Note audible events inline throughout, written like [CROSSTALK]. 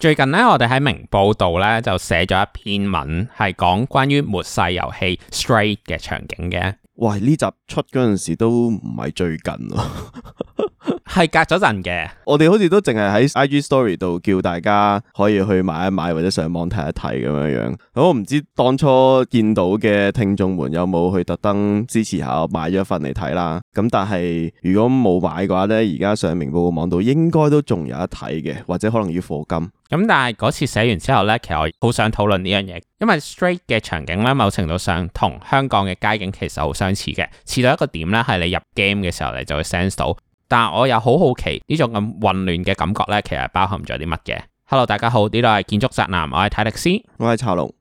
最近咧，我哋喺明報度咧就寫咗一篇文，係講關於末世遊戲《Stray》嘅場景嘅。喂，呢集出嗰陣時都唔係最近 [LAUGHS] 係隔咗陣嘅，我哋好似都淨係喺 I G Story 度叫大家可以去買一買或者上網睇一睇咁樣樣。咁我唔知當初見到嘅聽眾們有冇去特登支持下我買咗份嚟睇啦。咁但係如果冇買嘅話呢，而家上明報網度應該都仲有得睇嘅，或者可能要課金。咁、嗯、但係嗰次寫完之後呢，其實我好想討論呢樣嘢，因為 Stray 嘅場景呢，某程度上同香港嘅街景其實好相似嘅。似到一個點呢，係你入 game 嘅時候你就會 sense 到。但係，我又好好奇呢種咁混亂嘅感覺呢，其實包含咗啲乜嘅？Hello，大家好，呢度係建築宅男，我係泰迪斯，我係查龍。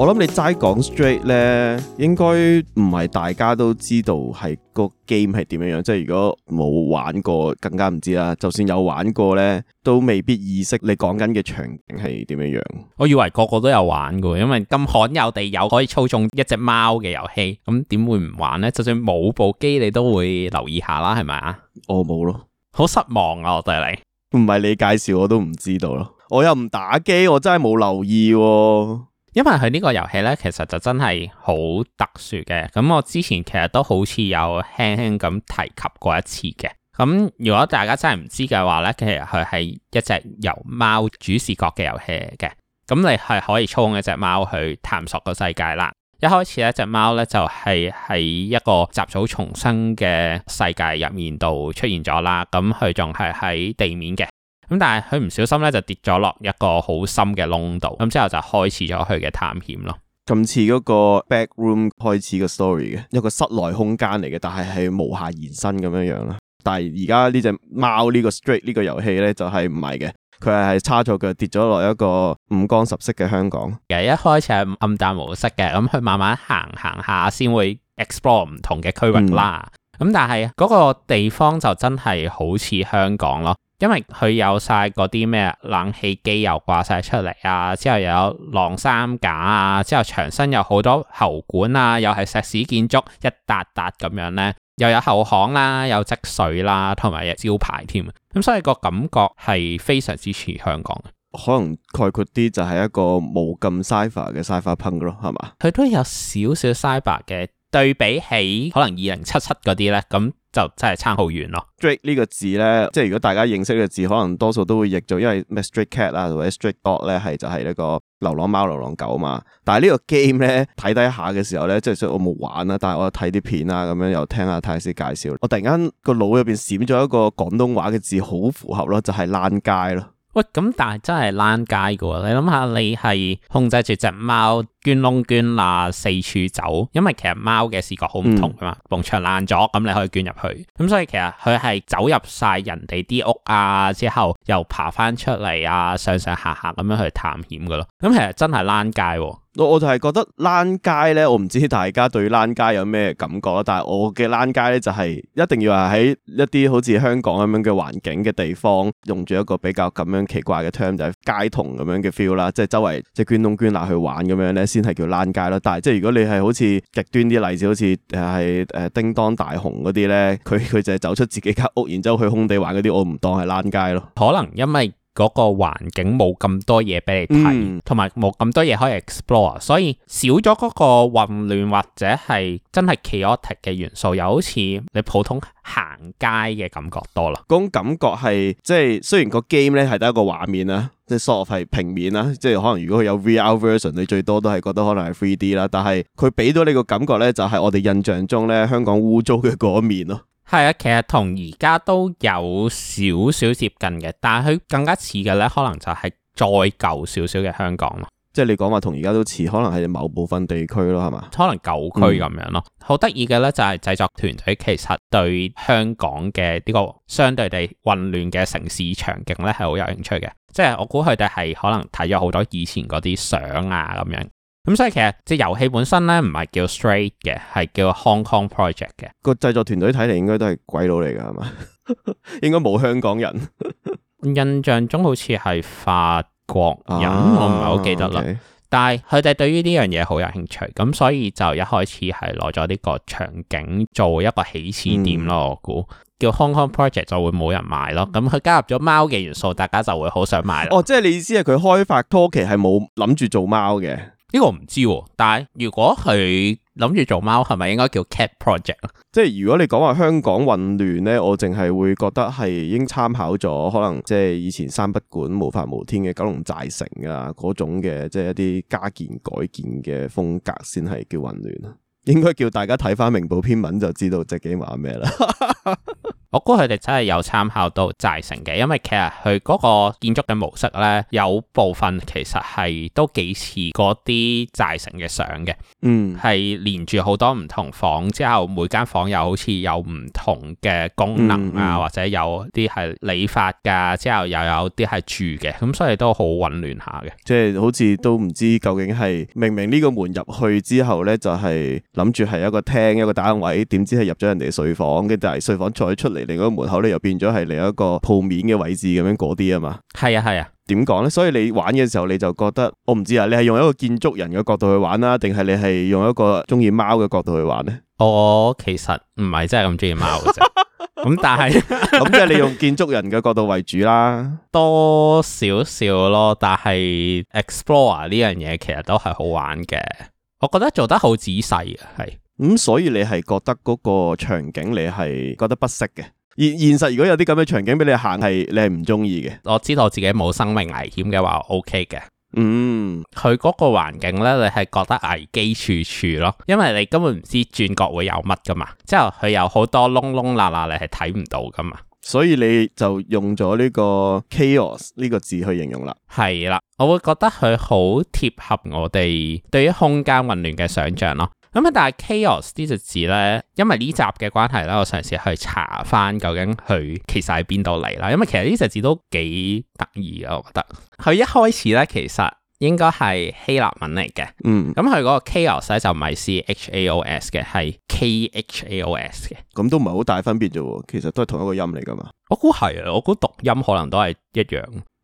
我諗你齋講 straight 咧，應該唔係大家都知道係個 game 係點樣樣，即係如果冇玩過更加唔知啦。就算有玩過咧，都未必意識你講緊嘅場景係點樣樣。我以為個個都有玩嘅，因為咁罕有地有可以操縱一隻貓嘅遊戲，咁點會唔玩呢？就算冇部機，你都會留意下啦，係咪啊？我冇咯，好失望啊！我對你，唔係你介紹我都唔知道咯。我又唔打機，我真係冇留意啊。因為佢呢個遊戲呢，其實就真係好特殊嘅。咁我之前其實都好似有輕輕咁提及過一次嘅。咁如果大家真係唔知嘅話呢，其實佢係一隻由貓主視角嘅遊戲嚟嘅。咁你係可以操控一隻貓去探索個世界啦。一開始呢，隻貓呢就係喺一個雜草叢生嘅世界入面度出現咗啦。咁佢仲係喺地面嘅。咁但係佢唔小心咧就跌咗落一個好深嘅窿度，咁之後就開始咗佢嘅探險咯。咁似嗰個 back room 開始嘅 story 嘅，一個室內空間嚟嘅，但係係無下延伸咁樣樣啦。但係而家呢隻貓呢個 Stray 呢個遊戲咧就係唔係嘅，佢係係差錯腳跌咗落一個五光十色嘅香港嘅。一開始係暗淡模式嘅，咁佢慢慢行行下先會 explore 唔同嘅區域啦。咁、嗯、但係嗰個地方就真係好似香港咯。因為佢有晒嗰啲咩冷氣機又掛晒出嚟啊，之後又有晾衫架啊，之後牆身有好多喉管啊，又係石屎建築一笪笪咁樣咧，又有後巷啦，有積水啦，同埋有招牌添，啊、嗯。咁所以個感覺係非常之似香港。可能概括啲就係一個冇咁 cyber 嘅 cyberpunk 咯，係嘛？佢都有少少 cyber 嘅。對比起可能二零七七嗰啲咧，咁就真係差好遠咯。stray 呢個字咧，即係如果大家認識嘅字，可能多數都會譯做，因為咩 stray cat 啦，啊，或者 stray dog 咧，係就係一個流浪貓、流浪狗啊嘛。但係呢個 game 咧，睇低下嘅時候咧，即係雖然我冇玩啦，但係我睇啲片啦，咁樣又聽阿泰斯介紹，我突然間個腦入邊閃咗一個廣東話嘅字，好符合咯，就係、是、爛街咯。喂，咁但係真係爛街噶喎！你諗下，你係控制住隻貓，捐窿捐罅四處走，因為其實貓嘅視覺好唔同噶嘛。房牆爛咗，咁你可以捐入去，咁所以其實佢係走入晒人哋啲屋啊，之後又爬翻出嚟啊，上上下下咁樣去探險噶咯。咁其實真係爛街喎。我就係覺得躝街咧，我唔知大家對躝街有咩感覺啦。但係我嘅躝街咧就係、是、一定要係喺一啲好似香港咁樣嘅環境嘅地方，用住一個比較咁樣奇怪嘅 term 就係街童咁樣嘅 feel 啦，即係周圍即係捐窿捐罅去玩咁樣咧，先係叫躝街咯。但係即係如果你係好似極端啲例子，好似係誒叮當大雄嗰啲咧，佢佢就係走出自己間屋，然之後去空地玩嗰啲，我唔當係躝街咯。可能因為，嗰個環境冇咁多嘢俾你睇，同埋冇咁多嘢可以 explore，所以少咗嗰個混亂或者係真係 chaotic 嘅元素，又好似你普通行街嘅感覺多啦。嗰種感覺係即係雖然個 game 咧係得一個畫面啦，即係 sort of 係平面啦，即係可能如果佢有 VR version，你最多都係覺得可能係 3D 啦，但係佢俾到你個感覺咧，就係我哋印象中咧，香港污糟嘅嗰一面咯。係啊，其實同而家都有少少接近嘅，但係佢更加似嘅咧，可能就係再舊少少嘅香港咯。即係你講話同而家都似，可能係某部分地區咯，係嘛？可能舊區咁樣咯。好得意嘅咧，就係製作團隊其實對香港嘅呢個相對地混亂嘅城市場景咧，係好有興趣嘅。即係我估佢哋係可能睇咗好多以前嗰啲相啊咁樣。咁、嗯、所以其實隻遊戲本身咧唔係叫 Stray 嘅，係叫 Hong Kong Project 嘅。個製作團隊睇嚟應該都係鬼佬嚟㗎，係嘛？ [LAUGHS] 應該冇香港人。 [LAUGHS] 印象中好似係法國人，啊、我唔係好記得啦。啊 okay. 但係佢哋對於呢樣嘢好有興趣，咁所以就一開始係攞咗呢個場景做一個起始點咯。嗯、我估叫 Hong Kong Project 就會冇人買咯。咁佢加入咗貓嘅元素，大家就會好想買哦。即係你意思係佢開發初期係冇諗住做貓嘅？呢個我唔知，但係如果佢諗住做貓，係咪應該叫 cat project 啊？即係如果你講話香港混亂呢，我淨係會覺得係應參考咗可能即係以前三不管、無法無天嘅九龍寨城啊嗰種嘅即係一啲加建改建嘅風格，先係叫混亂。應該叫大家睇翻明報篇文就知道自己話咩啦。 [LAUGHS] 我估佢哋真係有參考到寨城嘅，因為其實佢嗰個建築嘅模式咧，有部分其實係都幾似嗰啲寨城嘅相嘅。嗯，係連住好多唔同房，之後每間房又好似有唔同嘅功能啊，嗯嗯、或者有啲係理髮噶，之後又有啲係住嘅，咁、嗯、所以都好混亂下嘅。即係好似都唔知究竟係明明呢個門入去之後咧，就係諗住係一個廳一個單位，點知係入咗人哋嘅睡房，跟住就係睡房再出嚟。你嗰個門口咧又變咗係另一個鋪面嘅位置咁樣嗰啲啊嘛，係啊係啊，點講、啊、呢？所以你玩嘅時候，你就覺得我唔知啊，你係用一個建築人嘅角度去玩啦，定係你係用一個中意貓嘅角度去玩呢？我、哦、其實唔係真係咁中意貓嘅，咁、 [LAUGHS] 嗯、但係咁即係你用建築人嘅角度為主啦， [LAUGHS] 多少少咯，但係 explore 呢樣嘢其實都係好玩嘅，我覺得做得好仔細啊，係。咁、嗯、所以你係覺得嗰個場景你係覺得不適嘅？現現實如果有啲咁嘅場景俾你行，係你係唔中意嘅？我知道我自己冇生命危險嘅話，OK 嘅。嗯，佢嗰個環境咧，你係覺得危機處處咯，因為你根本唔知轉角會有乜噶嘛。之後佢有好多窿窿罅罅，你係睇唔到噶嘛。所以你就用咗呢個 chaos 呢個字去形容啦。係啦，我會覺得佢好貼合我哋對於空間混亂嘅想象咯。咁但係 chaos 呢隻字呢，因為呢集嘅關係呢，我嘗試去查翻究竟佢其實喺邊度嚟啦。因為其實呢隻字都幾得意啊，我覺得佢一開始呢，其實應該係希臘文嚟嘅，嗯，咁佢嗰個 chaos 咧就唔係 c h a o s 嘅，係 k h a o s 嘅，咁都唔係好大分別啫。其實都係同一個音嚟噶嘛。我估係啊，我估讀音可能都係一樣。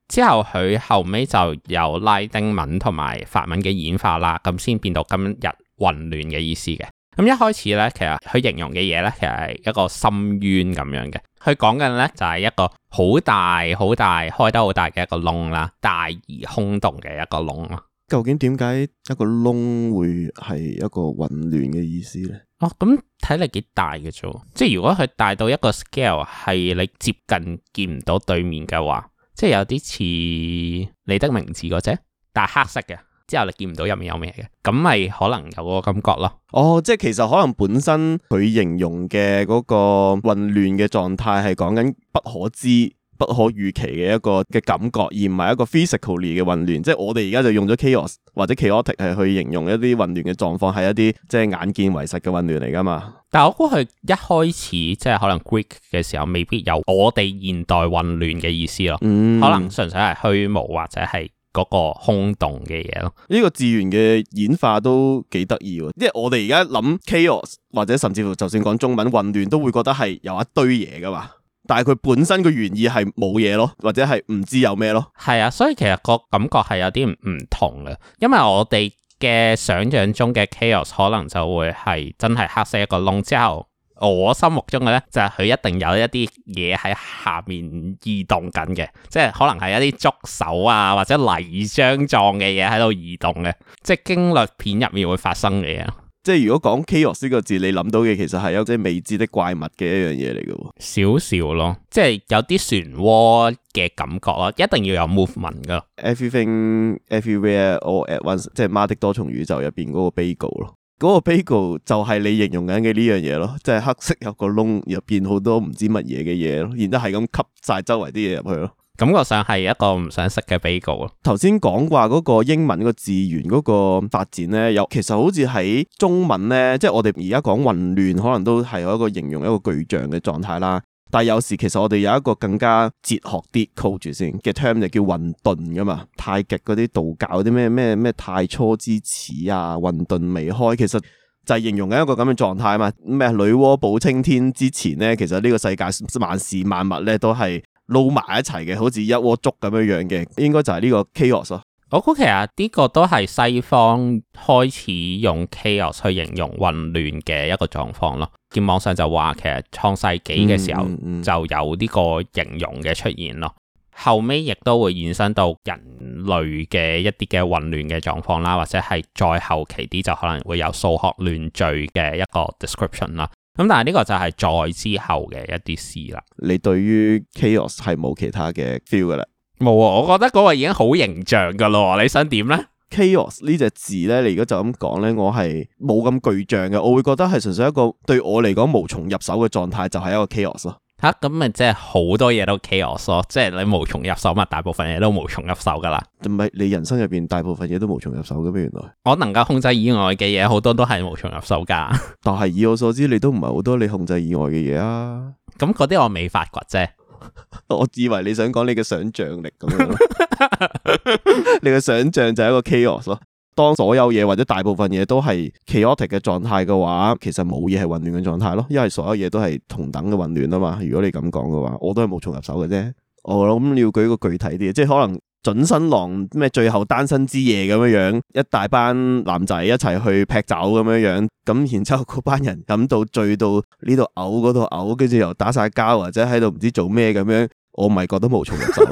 之後佢後尾就有拉丁文同埋法文嘅演化啦，咁先變到今日。混亂嘅意思嘅，咁一開始咧，其實佢形容嘅嘢咧，其實係一個深淵咁樣嘅，佢講緊咧就係、是、一個好大好大開得好大嘅一個窿啦，大而空洞嘅一個窿咯。究竟點解一個窿會係一個混亂嘅意思咧？哦，咁睇嚟幾大嘅啫，即係如果佢大到一個 scale 係你接近見唔到對面嘅話，即係有啲似你的名字嗰隻，但係黑色嘅。之後你見唔到入面有咩嘅，咁咪可能有嗰個感覺咯。哦，即係其實可能本身佢形容嘅嗰個混亂嘅狀態係講緊不可知、不可預期嘅一個嘅感覺，而唔係一個 physically 嘅混亂。即係我哋而家就用咗 chaos 或者 chaotic 係去形容一啲混亂嘅狀況，係一啲即係眼見為實嘅混亂嚟㗎嘛。但係我估佢一開始即係可能 Greek 嘅時候未必有我哋現代混亂嘅意思咯。嗯，可能純粹係虛無或者係。嗰個空洞嘅嘢咯，呢個字源嘅演化都幾得意喎，因為我哋而家諗 chaos 或者甚至乎就算講中文混亂都會覺得係有一堆嘢㗎嘛，但係佢本身個原意係冇嘢咯，或者係唔知有咩咯，係啊，所以其實個感覺係有啲唔同嘅，因為我哋嘅想像中嘅 chaos 可能就會係真係黑色一個窿之後。我心目中嘅咧，就係佢一定有一啲嘢喺下面移動緊嘅，即係可能係一啲觸手啊，或者泥漿狀嘅嘢喺度移動嘅，即係驚悚片入面會發生嘅嘢。即係如果講 chaos 呢個字，你諗到嘅其實係有啲未知的怪物嘅一樣嘢嚟嘅喎，少少咯，即係有啲漩渦嘅感覺咯，一定要有 movement 噶。Everything everywhere all at once，即係媽的多重宇宙入邊嗰個 beagle 咯。嗰個 beagle 就係你形容緊嘅呢樣嘢咯，即係黑色有個窿，入邊好多唔知乜嘢嘅嘢咯，然之後係咁吸晒周圍啲嘢入去咯，感覺上係一個唔想識嘅 beagle 啊。頭先講話嗰個英文個字源嗰個發展咧，有其實好似喺中文咧，即係我哋而家講混亂，可能都係有一個形容一個巨象嘅狀態啦。但係有時其實我哋有一個更加哲學啲 hold 住先嘅 term 就叫混沌噶嘛，太極嗰啲道教嗰啲咩咩咩太初之始啊，混沌未開，其實就係形容緊一個咁嘅狀態啊嘛。咩女媧補青天之前咧，其實呢個世界萬事萬物咧都係撈埋一齊嘅，好似一鍋粥咁樣樣嘅，應該就係呢個 chaos。我估其實呢個都係西方開始用 chaos 去形容混亂嘅一個狀況咯。見網上就話，其實創世紀嘅時候就有呢個形容嘅出現咯。嗯嗯、後尾亦都會延伸到人類嘅一啲嘅混亂嘅狀況啦，或者係再後期啲就可能會有數學亂序嘅一個 description 啦。咁但係呢個就係再之後嘅一啲事啦。你對於 chaos 係冇其他嘅 feel 噶啦？冇啊！我覺得嗰個已經好形象噶咯，你想點咧？chaos 呢隻字咧，你如果就咁講咧，我係冇咁巨象嘅，我會覺得係純粹一個對我嚟講無從入手嘅狀態就、啊就，就係一個 chaos 咯。吓，咁咪即係好多嘢都 chaos 咯，即係你無從入手嘛，大部分嘢都無從入手噶啦。唔係，你人生入邊大部分嘢都無從入手嘅咩？原來我能夠控制以外嘅嘢，好多都係無從入手噶。 [LAUGHS] 但係以我所知，你都唔係好多你控制以外嘅嘢啊。咁嗰啲我未發掘啫。 [LAUGHS] 我以為你想講你嘅想象力咁樣， [LAUGHS] [LAUGHS] 你嘅想象就係一個 chaos 咯。當所有嘢或者大部分嘢都係 chaotic 嘅狀態嘅話，其實冇嘢係混亂嘅狀態咯，因為所有嘢都係同等嘅混亂啊嘛。如果你咁講嘅話，我都係無從入手嘅啫。我諗你要舉個具體啲，即係可能。準新郎咩最後單身之夜咁樣樣，一大班男仔一齊去劈酒咁樣樣，咁然之後嗰班人飲到醉到呢度嘔嗰度嘔，跟住又打晒交或者喺度唔知做咩咁樣，我咪覺得無從入手，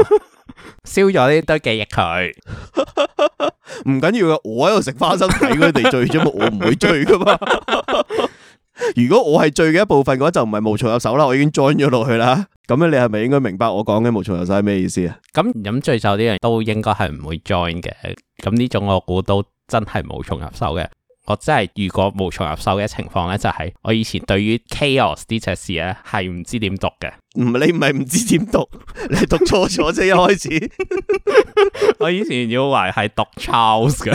燒咗呢堆記憶佢唔緊要嘅，我喺度食花生睇佢哋醉啫嘛，我唔會醉㗎嘛。如果我係醉嘅一部分嘅話，就唔係無從入手啦。我已經 join 咗落去啦。咁咧，你係咪應該明白我講嘅無從入手係咩意思啊？咁飲醉酒啲人都應該係唔會 join 嘅。咁呢種我估都真係無從入手嘅。我真係遇過無從入手嘅情況咧，就係、是、我以前對於 chaos 呢隻字咧係唔知點讀嘅。唔，你唔係唔知點讀，你讀錯咗啫。一開始我以前以為係讀 chaos 嘅。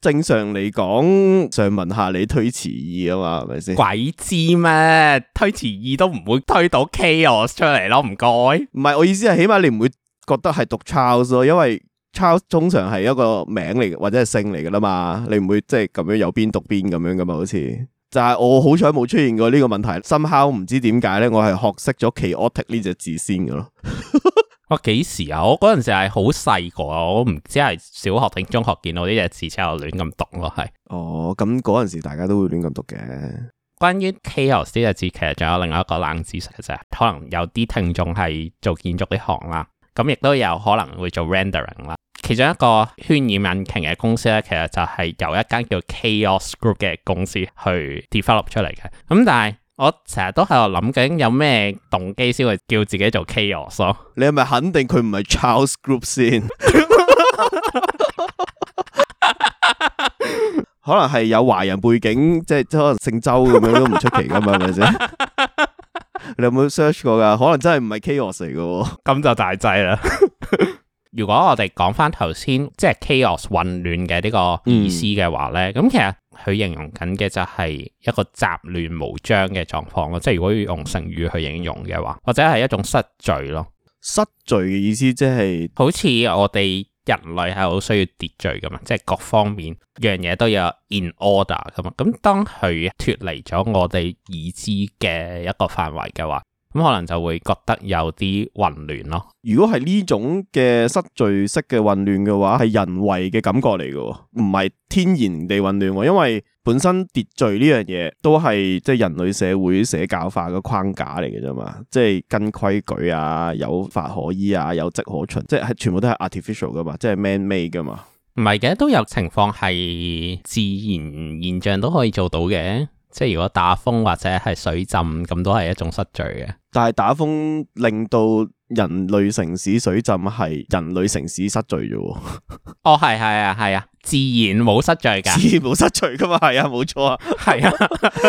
正常嚟講，想問下你推詞義啊嘛，係咪先？鬼知咩？推詞義都唔會推到 chaos 出嚟咯，唔該。唔係，我意思係，起碼你唔會覺得係讀 Charles 咯，因為 Charles 通常係一個名嚟或者係姓嚟噶啦嘛，你唔會即係咁樣有邊讀邊咁樣噶嘛，好似。就係我好彩冇出現過呢個問題，somehow 唔知點解咧，我係學識咗 chaotic 呢隻字先噶咯。 [LAUGHS] 我幾時啊？我嗰陣時係好細個，我唔知係小學定中學見到呢隻字之後亂咁讀咯，係。哦，咁嗰陣時大家都會亂咁讀嘅。關於 Chaos 呢隻字，其實仲有另外一個冷知識嘅。就係可能有啲聽眾係做建築啲行啦，咁亦都有可能會做 rendering 啦。其中一個渲染引擎嘅公司咧，其實就係由一間叫 Chaos Group 嘅公司去 develop 出嚟嘅。咁但係。我成日都喺度諗緊有咩動機先會叫自己做 chaos 你係咪肯定佢唔係 Charles Group 先？ [LAUGHS] [LAUGHS] [LAUGHS] 可能係有華人背景，即係即可能姓周咁樣都唔出奇噶嘛？係咪先？你有冇 search 過噶？可能真係唔係 chaos 嚟噶？咁就大劑啦！如果我哋講翻頭先即係、就是、chaos 混亂嘅呢個意思嘅話咧，咁、嗯、其實。佢形容緊嘅就係一個雜亂無章嘅狀況咯，即係如果要用成語去形容嘅話，或者係一種失序咯。失序嘅意思即係好似我哋人類係好需要秩序㗎嘛，即係各方面樣嘢都有 in order 㗎嘛。咁當佢脫離咗我哋已知嘅一個範圍嘅話，咁可能就會覺得有啲混亂咯。如果係呢種嘅失序式嘅混亂嘅話，係人為嘅感覺嚟嘅，唔係天然地混亂。因為本身秩序呢樣嘢都係即係人類社會社交化嘅框架嚟嘅啫嘛，即係跟規矩啊，有法可依啊，有跡可循，即係全部都係 artificial 噶嘛，即係 man made 噶嘛。唔係嘅，都有情況係自然現象都可以做到嘅。即係如果打風或者係水浸咁都係一種失序嘅。但係打風令到人類城市水浸係人類城市失序啫。 [LAUGHS] 哦，係係啊，係啊，自然冇失序噶，自然冇失序噶嘛，係啊，冇錯啊，係 [LAUGHS] 是啊。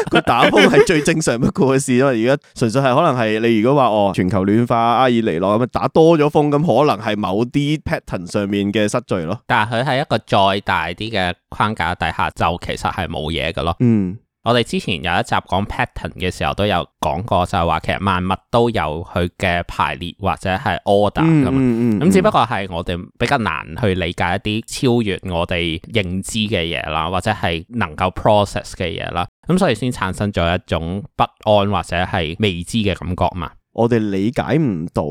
佢 [LAUGHS] 打風係最正常不過嘅事啦。而家純粹係可能係你如果話哦，全球暖化、阿、啊、厄爾尼諾咁打多咗風咁，可能係某啲 pattern 上面嘅失序咯。但係佢喺一個再大啲嘅框架底下，就其實係冇嘢噶咯。嗯。我哋之前有一集講 pattern 嘅時候都有講過，就係話其實萬物都有佢嘅排列或者係 order 㗎嘛、嗯，咁、嗯嗯、只不過係我哋比較難去理解一啲超越我哋認知嘅嘢啦，或者係能夠 process 嘅嘢啦，咁所以先產生咗一種不安或者係未知嘅感覺嘛。我哋理解唔到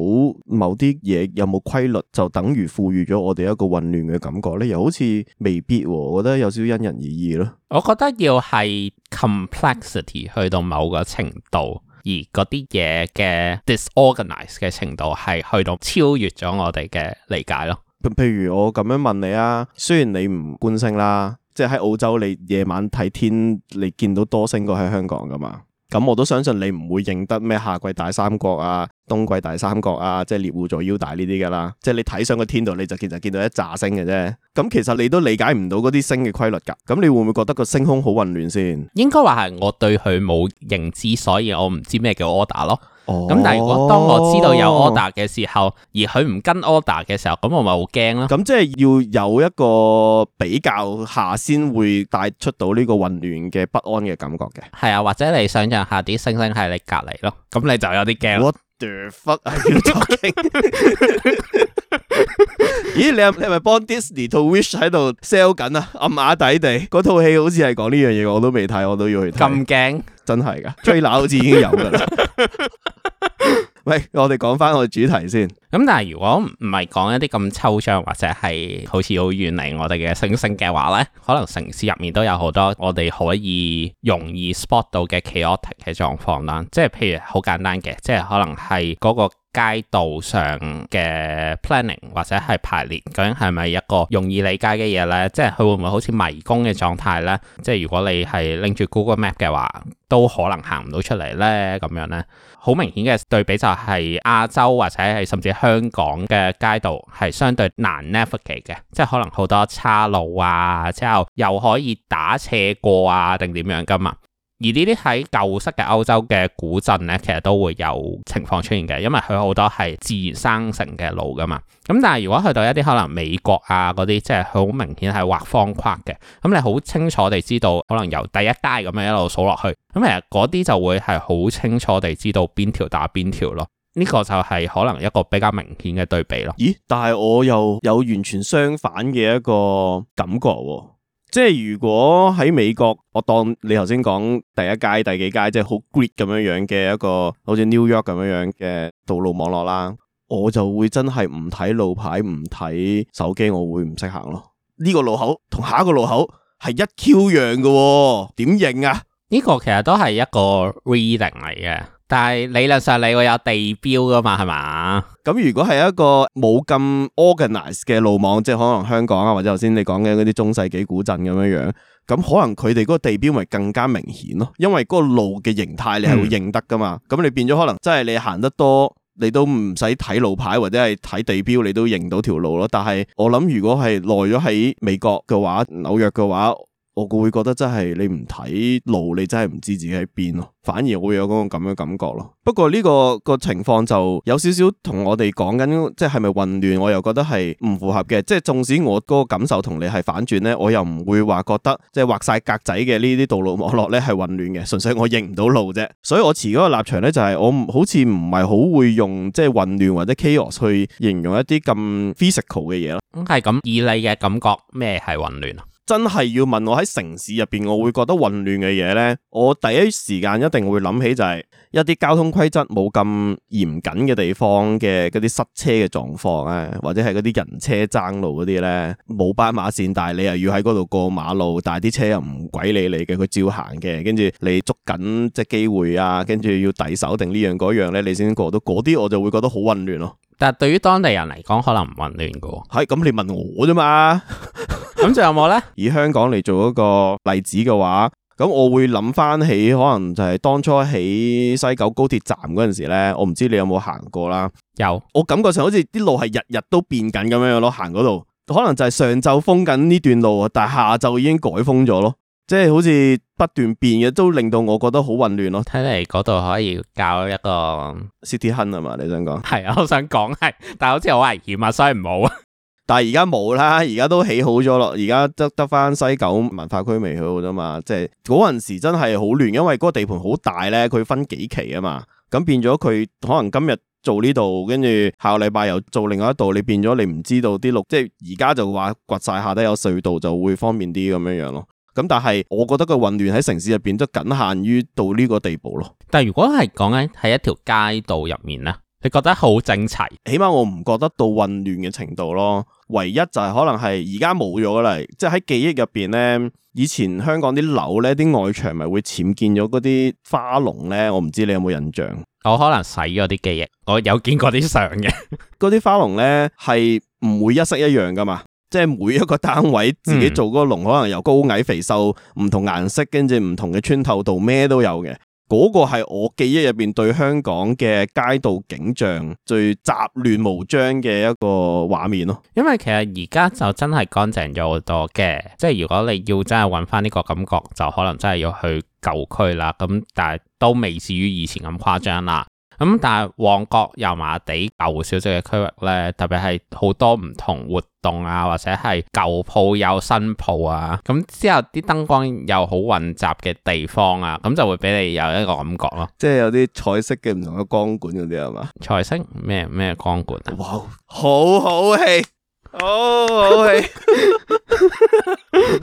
某啲嘢有冇規律，就等於賦予咗我哋一個混亂嘅感覺呢，又好似未必喎。我覺得有少少因人而異咯。我覺得要係 complexity 去到某個程度，而嗰啲嘢嘅 disorganised 嘅程度係去到超越咗我哋嘅理解咯。譬如我咁樣問你啊，雖然你唔觀星啦，即係喺澳洲你夜晚睇天，你見到多星過喺香港噶嘛？咁我都相信你唔會認得咩夏季大三角啊、冬季大三角啊，即係獵戶座腰帶呢啲嘅啦。即係你睇上個天度，你就其實見到一紮星嘅啫。咁其實你都理解唔到嗰啲星嘅規律㗎。咁你會唔會覺得個星空好混亂先？應該話係我對佢冇認知，所以我唔知咩叫 order 咯。哦，咁但係如果當我知道有 order 嘅時候，而佢唔跟 order 嘅時候，咁我咪好驚咯。咁即係要有一個比較下先會帶出到呢個混亂嘅不安嘅感覺嘅。係啊，或者你想象下啲星星喺你隔籬咯，咁你就有啲驚。the f [LAUGHS] [LAUGHS] 咦，你、啊、你係咪幫 Disney 套《Wish》喺度 sell 緊啊？暗啞底地，嗰套戲好似係講呢樣嘢，我都未睇，我都要去睇。咁驚？真係噶吹 r 好似已經有噶啦。 [LAUGHS] 喂，我哋講翻個主題先。咁、嗯、但係如果唔係講一啲咁抽象或者係好似好遠離我哋嘅星星嘅話呢，可能城市入面都有好多我哋可以容易 spot 到嘅 chaotic 嘅狀況啦。即係譬如好簡單嘅，即係可能係嗰個。街道上嘅 planning 或者係排列究竟係咪一個容易理解嘅嘢咧？即係佢會唔會好似迷宮嘅狀態咧？即係如果你係拎住 Google Map 嘅話，都可能行唔到出嚟咧咁樣咧。好明顯嘅對比就係亞洲或者係甚至香港嘅街道係相對難 navigate 嘅，即係可能好多岔路啊，之後又可以打斜過啊，定點樣噶嘛。而呢啲喺舊式嘅歐洲嘅古鎮咧，其實都會有情況出現嘅，因為佢好多係自然生成嘅路噶嘛。咁但係如果去到一啲可能美國啊嗰啲，即係佢好明顯係畫方框嘅，咁你好清楚地知道可能由第一街咁樣一路數落去，咁其實嗰啲就會係好清楚地知道邊條打邊條咯。呢個就係可能一個比較明顯嘅對比咯。咦？但係我又有完全相反嘅一個感覺喎。即係如果喺美國，我當你頭先講第一街、第幾街，即係好 grid 咁樣樣嘅一個，好似 New York 咁樣樣嘅道路網絡啦，我就會真係唔睇路牌、唔睇手機，我會唔識行咯。呢、呢個路口同下一個路口係一 Q 樣嘅，點認啊？呢個其實都係一個 reading 嚟嘅。但係理論上你會有地標噶嘛，係嘛？咁如果係一個冇咁 organize 嘅路網，即係可能香港啊，或者頭先你講嘅嗰啲中世紀古鎮咁樣樣，咁可能佢哋嗰個地標咪更加明顯咯？因為嗰個路嘅形態你係會認得噶嘛，咁、嗯、你變咗可能真係你行得多，你都唔使睇路牌或者係睇地標，你都認到條路咯。但係我諗如果係耐咗喺美國嘅話，紐約嘅話。我會覺得真係你唔睇路，你真係唔知自己喺邊咯。反而我會有嗰個咁嘅感覺咯。不過呢、這個、這個情況就有少少同我哋講緊，即係係咪混亂？我又覺得係唔符合嘅。即係縱使我嗰個感受同你係反轉呢，我又唔會話覺得即係畫晒格仔嘅呢啲道路網絡呢係混亂嘅，純粹我認唔到路啫。所以我持嗰個立場呢，就係、是、我好似唔係好會用即係混亂或者 chaos 去形容一啲咁 physical 嘅嘢咯。係咁，以你嘅感覺，咩係混亂啊？真係要問我喺城市入邊，我會覺得混亂嘅嘢呢。我第一時間一定會諗起就係一啲交通規則冇咁嚴謹嘅地方嘅嗰啲塞車嘅狀況啊，或者係嗰啲人車爭路嗰啲呢，冇斑馬線，但係你又要喺嗰度過馬路，但係啲車又唔鬼理你嘅，佢照行嘅，跟住你捉緊隻機會啊，跟住要遞手定呢樣嗰樣呢，你先過到嗰啲，我就會覺得好混亂咯。但係對於當地人嚟講，可能唔混亂噶喎。係咁，你問我啫嘛。咁仲有冇呢，以香港嚟做一個例子嘅話，咁我會諗翻起可能就係當初喺西九高鐵站嗰陣時呢，我唔知你有冇行過啦？有，我感覺上好似啲路係日日都變緊咁樣樣咯。行嗰度，可能就係上晝封緊呢段路啊，但下晝已經改封咗咯。即係好似不斷變嘅，都令到我覺得好混亂咯。睇嚟，嗰度可以搞一個 City Hunt 啊嘛？你想講？係，我想講係。但係好似好危險啊，所以唔好啊。但係而家冇啦，而家都起好咗咯。而家得得翻，西九文化區未去好啫嘛。即係嗰陣時真係好亂，因為嗰個地盤好大咧，佢分幾期啊嘛。咁變咗佢可能今日做呢度，跟住下個禮拜又做另外一度，你變咗你唔知道啲路。即係而家就話掘晒下底有隧道就會方便啲咁樣樣咯。咁但係，我覺得個混亂喺城市入邊都僅限於到呢個地步咯。但係如果係講緊喺一條街道入面咧，你覺得好整齊？起碼我唔覺得到混亂嘅程度咯。唯一就係可能係而家冇咗啦。即係喺記憶入邊咧，以前香港啲樓咧，啲外牆咪會僭建咗嗰啲花籠咧。我唔知你有冇印象？我可能洗咗啲記憶。我有見過啲相嘅。嗰啲花籠咧係唔會一式一樣㗎嘛。即係每一個單位自己做嗰個籠，可能有高矮肥瘦唔同顏色，跟住唔同嘅穿透度，咩都有嘅。嗰個係我記憶入邊對香港嘅街道景象最雜亂無章嘅一個畫面咯。因為其實而家就真係乾淨咗好多嘅，即係如果你要真係搵返呢個感覺，就可能真係要去舊區啦。咁但係都未至於以前咁誇張啦。咁、嗯、但係旺角油麻地舊小食嘅區域咧，特別係好多唔同活動啊，或者係舊鋪有新鋪啊，咁、嗯、之後啲燈光又好混雜嘅地方啊，咁、嗯、就會俾你有一個感覺咯。即係有啲彩色嘅唔同嘅光管嗰啲係嘛？彩色咩咩光管啊？哇，好好氣，好好氣。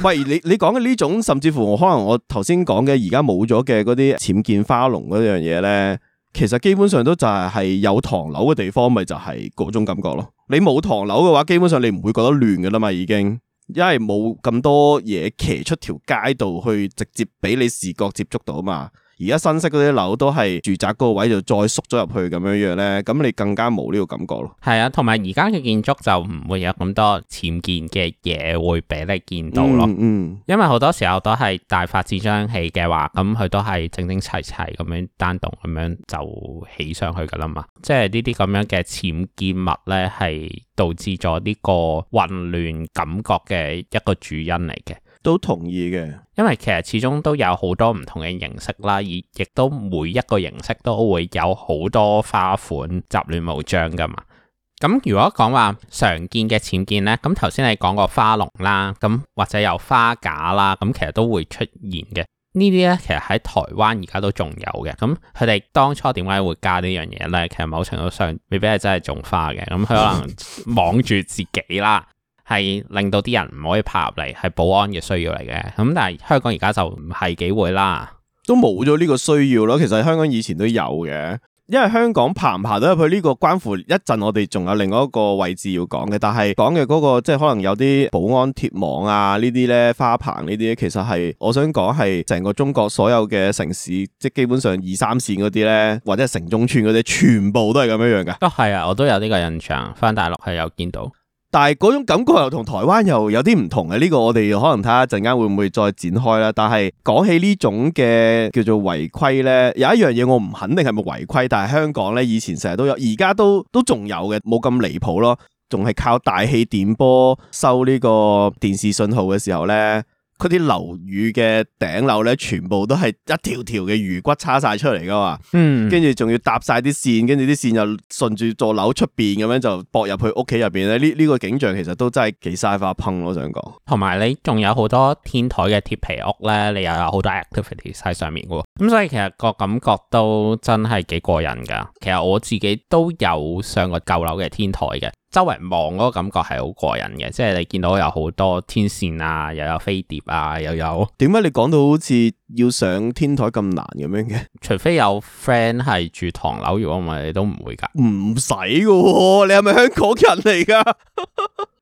喂 [LAUGHS] [LAUGHS] 你你講嘅呢種，甚至乎我可能我頭先講嘅而家冇咗嘅嗰啲僭建花籠嗰樣嘢咧。其實基本上都就係係有唐樓嘅地方，咪就係嗰種感覺咯。你冇唐樓嘅話，基本上你唔會覺得亂㗎啦嘛，已經，因為冇咁多嘢騎出條街度去直接俾你視覺接觸到啊嘛。而家新式嗰啲樓都係住宅嗰個位就再縮咗入去咁樣樣咧，咁你更加冇呢個感覺咯。係啊，同埋而家嘅建築就唔會有咁多僭建嘅嘢會俾你見到咯。嗯。嗯，因為好多時候都係大發展商起嘅話，咁佢都係整整齊齊咁樣單獨咁樣就起上去噶啦嘛。即係呢啲咁樣嘅僭建物咧，係導致咗呢個混亂感覺嘅一個主因嚟嘅。都同意嘅，因為其實始終都有好多唔同嘅形式啦，而亦都每一個形式都會有好多花款，雜亂無章噶嘛。咁如果講話常見嘅淺見呢，咁頭先你講過花籠啦，咁或者有花架啦，咁其實都會出現嘅。呢啲呢，其實喺台灣而家都仲有嘅。咁佢哋當初點解會加呢樣嘢呢？其實某程度上未必係真係種花嘅，咁佢可能望住自己啦。 [LAUGHS] 係令到啲人唔可以爬入嚟，係保安嘅需要嚟嘅。咁但係香港而家就唔係幾會啦，都冇咗呢個需要囉。其實香港以前都有嘅，因為香港爬唔爬得入去呢個關乎一陣。我哋仲有另外一個位置要講嘅，但係講嘅嗰個即係可能有啲保安鐵網啊，呢啲咧花棚、呢啲，其實係我想講係成個中國所有嘅城市，即基本上二三線嗰啲咧，或者城中村嗰啲，全部都係咁樣樣噶。都係啊，我都有呢個印象，翻大陸係有見到。但係嗰種感覺又同台灣又有啲唔同嘅，呢個我哋可能睇下陣間會唔會，會再展開啦。但係講起呢種嘅叫做違規呢，有一樣嘢我唔肯定係咪違規，但係香港呢，以前成日都有，而家都都仲有嘅，冇咁離譜咯，仲係靠大氣電波收呢個電視信號嘅時候呢。嗰啲樓宇嘅頂樓咧，全部都係一條條嘅魚骨叉晒出嚟噶嘛，跟住仲要搭晒啲線，跟住啲線又順住座樓出邊咁樣就駁入去屋企入邊咧，呢、這、呢個景象其實都真係幾嘥花烹、啊、我想講。同埋你仲有好多天台嘅鐵皮屋咧，你又有好多 activities 喺上面嘅，咁所以其實個感覺都真係幾過癮噶。其實我自己都有上過舊樓嘅天台嘅。周圍望嗰個感覺係好過癮嘅，即係你見到有好多天線啊，又有飛碟啊，又有。點解你講到好似要上天台咁難咁樣嘅？除非有 friend 係住唐樓，如果唔係你都唔會噶。唔使噶，你係咪香港人嚟噶？ [LAUGHS]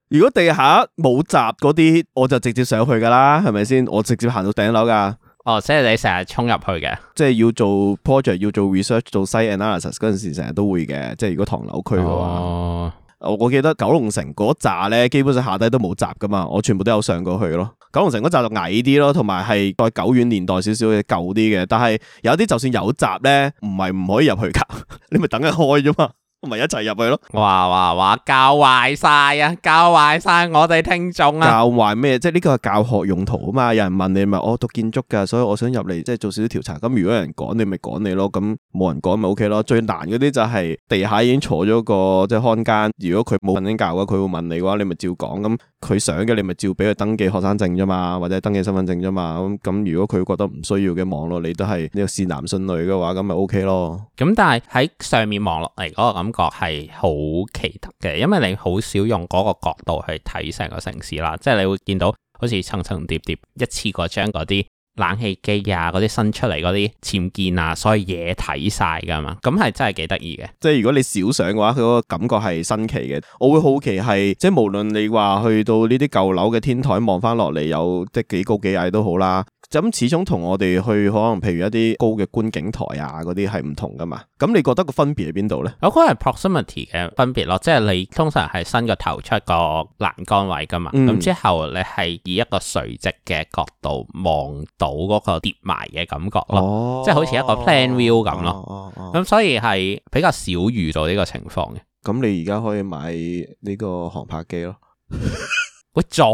如果地下冇閘嗰啲，我就直接上去噶啦，係咪先？我直接行到頂樓噶。哦，即係你成日衝入去嘅？即係要做 project，要做 research，做 site analysis 嗰陣時，成日都會嘅。即係如果唐樓區嘅話。哦我我記得九龍城嗰紮咧，基本上下低都冇閘噶嘛，我全部都有上過去咯。九龍城嗰扎就矮啲咯，同埋係再久遠年代少少嘅舊啲嘅，但係有啲就算有閘咧，唔係唔可以入去噶， [LAUGHS] 你咪等佢開啫嘛。咪一齊入去咯，嘩嘩嘩，教壞晒啊，教壞晒我哋聽眾啊！教壞咩？即係呢個係教學用途啊嘛。有人問你咪，我、哦、讀建築㗎，所以我想入嚟即係做少少調查。咁如果有人講你咪講你咯，咁冇人講咪 OK 咯。最難嗰啲就係地下已經坐咗個即係看更。如果佢冇瞓醒覺嘅，佢會問你嘅話，你咪照講。咁、嗯、佢想嘅你咪照俾佢登記學生證啫嘛，或者登記身份證啫嘛。咁、嗯、咁如果佢覺得唔需要嘅網絡，你都係呢係善男信女嘅話，咁咪 OK 咯。咁但係喺上面網絡嚟個咁。嗯嗯覺係好奇特嘅，因為你好少用嗰個角度去睇成個城市啦，即係你會見到好似層層疊疊，一次過將嗰啲冷氣機啊、嗰啲伸出嚟嗰啲僭建啊，所有嘢睇晒噶嘛，咁係真係幾得意嘅。即係如果你少想嘅話，佢、嗰個感覺係新奇嘅。我會好奇係，即係無論你話去到呢啲舊樓嘅天台望翻落嚟，有即係幾高幾矮都好啦。咁，始終同我哋去可能，譬如一啲高嘅觀景台啊，嗰啲係唔同噶嘛。咁你覺得個分別喺邊度呢？我覺得、okay, 係 proximity 嘅分別咯，即係你通常係伸個頭出個欄杆位噶嘛，咁、嗯、之後你係以一個垂直嘅角度望到嗰個跌埋嘅感覺咯，哦、即係好似一個 plan view 咁咯、哦。咁、哦哦、所以係比較少遇到呢個情況嘅。咁、哦哦哦哦、你而家可以買呢個航拍機咯。 [LAUGHS] 「喂，撞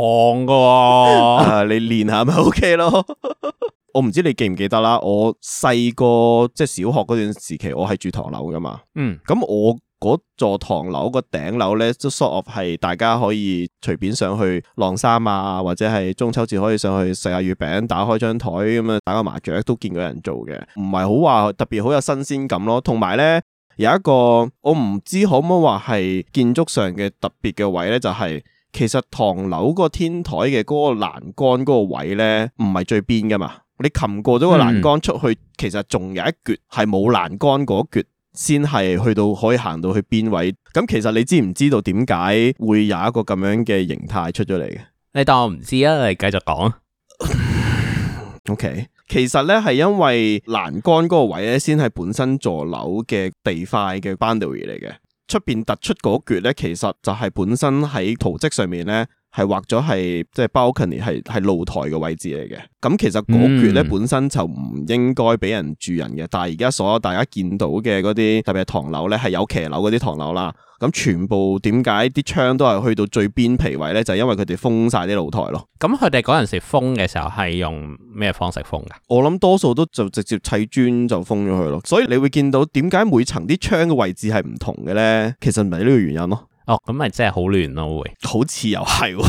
噶、啊 [LAUGHS] 啊，你練下咪 OK 咯。我唔知你記唔記得啦。我細個即係小學嗰段時期，我係住唐樓噶嘛。嗯，咁我嗰座唐樓個頂樓咧，都 sort of 係大家可以隨便上去晾衫啊，或者係中秋節可以上去食下月餅，打開張台咁啊，打個麻雀都見過人做嘅，唔係好話特別好有新鮮感咯。同埋咧，有一個我唔知可唔可以話係建築上嘅特別嘅位咧，就係、是。其實唐樓嗰個天台嘅嗰個欄杆嗰個位咧，唔係最邊噶嘛。你冚過咗個欄杆出去，其實仲有一橛係冇欄杆嗰橛，先係去到可以行到去邊位。咁其實你知唔知道點解會有一個咁樣嘅形態出咗嚟嘅？你當我唔知啊，你繼續講啊。 [LAUGHS] [LAUGHS] OK，其實咧係因為欄杆嗰個位咧，先係本身座樓嘅地塊嘅 boundary 嚟嘅。出邊突出嗰橛咧，其實就係本身喺圖則上面咧。係畫咗係即係 balcony 係係露台嘅位置嚟嘅，咁其實嗰月咧本身就唔應該俾人住人嘅，但係而家所有大家見到嘅嗰啲特別係唐樓咧係有騎樓嗰啲唐樓啦，咁全部點解啲窗都係去到最邊皮位咧？就係因為佢哋封晒啲露台咯。咁佢哋嗰陣時封嘅時候係用咩方式封㗎？我諗多數都就直接砌磚就封咗佢咯。所以你會見到點解每層啲窗嘅位置係唔同嘅咧？其實唔係呢個原因咯。哦，咁咪真係好亂咯，會好似又係喎，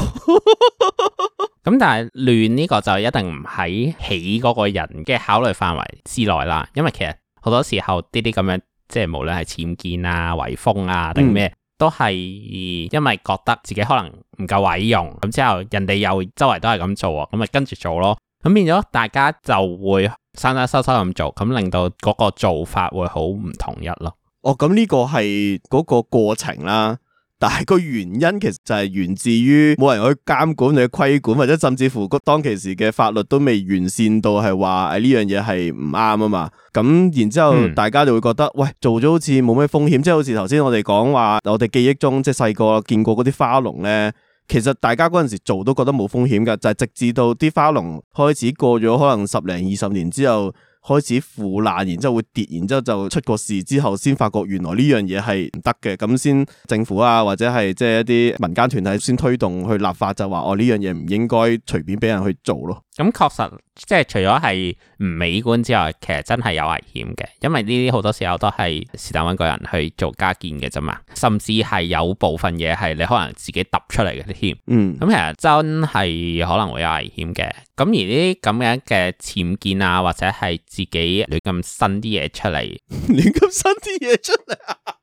[LAUGHS] 但係亂呢個就一定唔喺起嗰個人嘅考慮範圍之內啦。因為其實好多時候啲啲咁樣，即係無論係僭建啊、違風啊定咩，嗯、都係因為覺得自己可能唔夠毀用，咁之後人哋又周圍都係咁做，咁咪跟住做咯。咁變咗大家就會收收收收咁做，咁令到嗰個做法會好唔統一咯。哦，咁呢個係嗰個過程啦。但係個原因其實就係源自於冇人去監管、你嘅規管，或者甚至乎當其時嘅法律都未完善到係話呢樣嘢係唔啱啊嘛。咁然之後大家就會覺得、嗯、喂做咗好似冇咩風險，即係好似頭先我哋講話我哋記憶中即係細個見過嗰啲花籠咧，其實大家嗰陣時做都覺得冇風險噶，就係、是、直至到啲花籠開始過咗可能十零二十年之後。開始腐爛，然之後會跌，然之後就出個事之後，先發覺原來呢樣嘢係唔得嘅，咁先政府啊，或者係即係一啲民間團體先推動去立法，就話哦呢樣嘢唔應該隨便俾人去做咯。咁確實，即係除咗係唔美觀之外，其實真係有危險嘅，因為呢啲好多時候都係是但揾個人去做加建嘅啫嘛，甚至係有部分嘢係你可能自己揼出嚟嘅添。嗯，咁其實真係可能會有危險嘅，咁而呢啲咁樣嘅僭建啊，或者係自己亂咁新啲嘢出嚟，亂咁 [LAUGHS] 新啲嘢出嚟 [LAUGHS]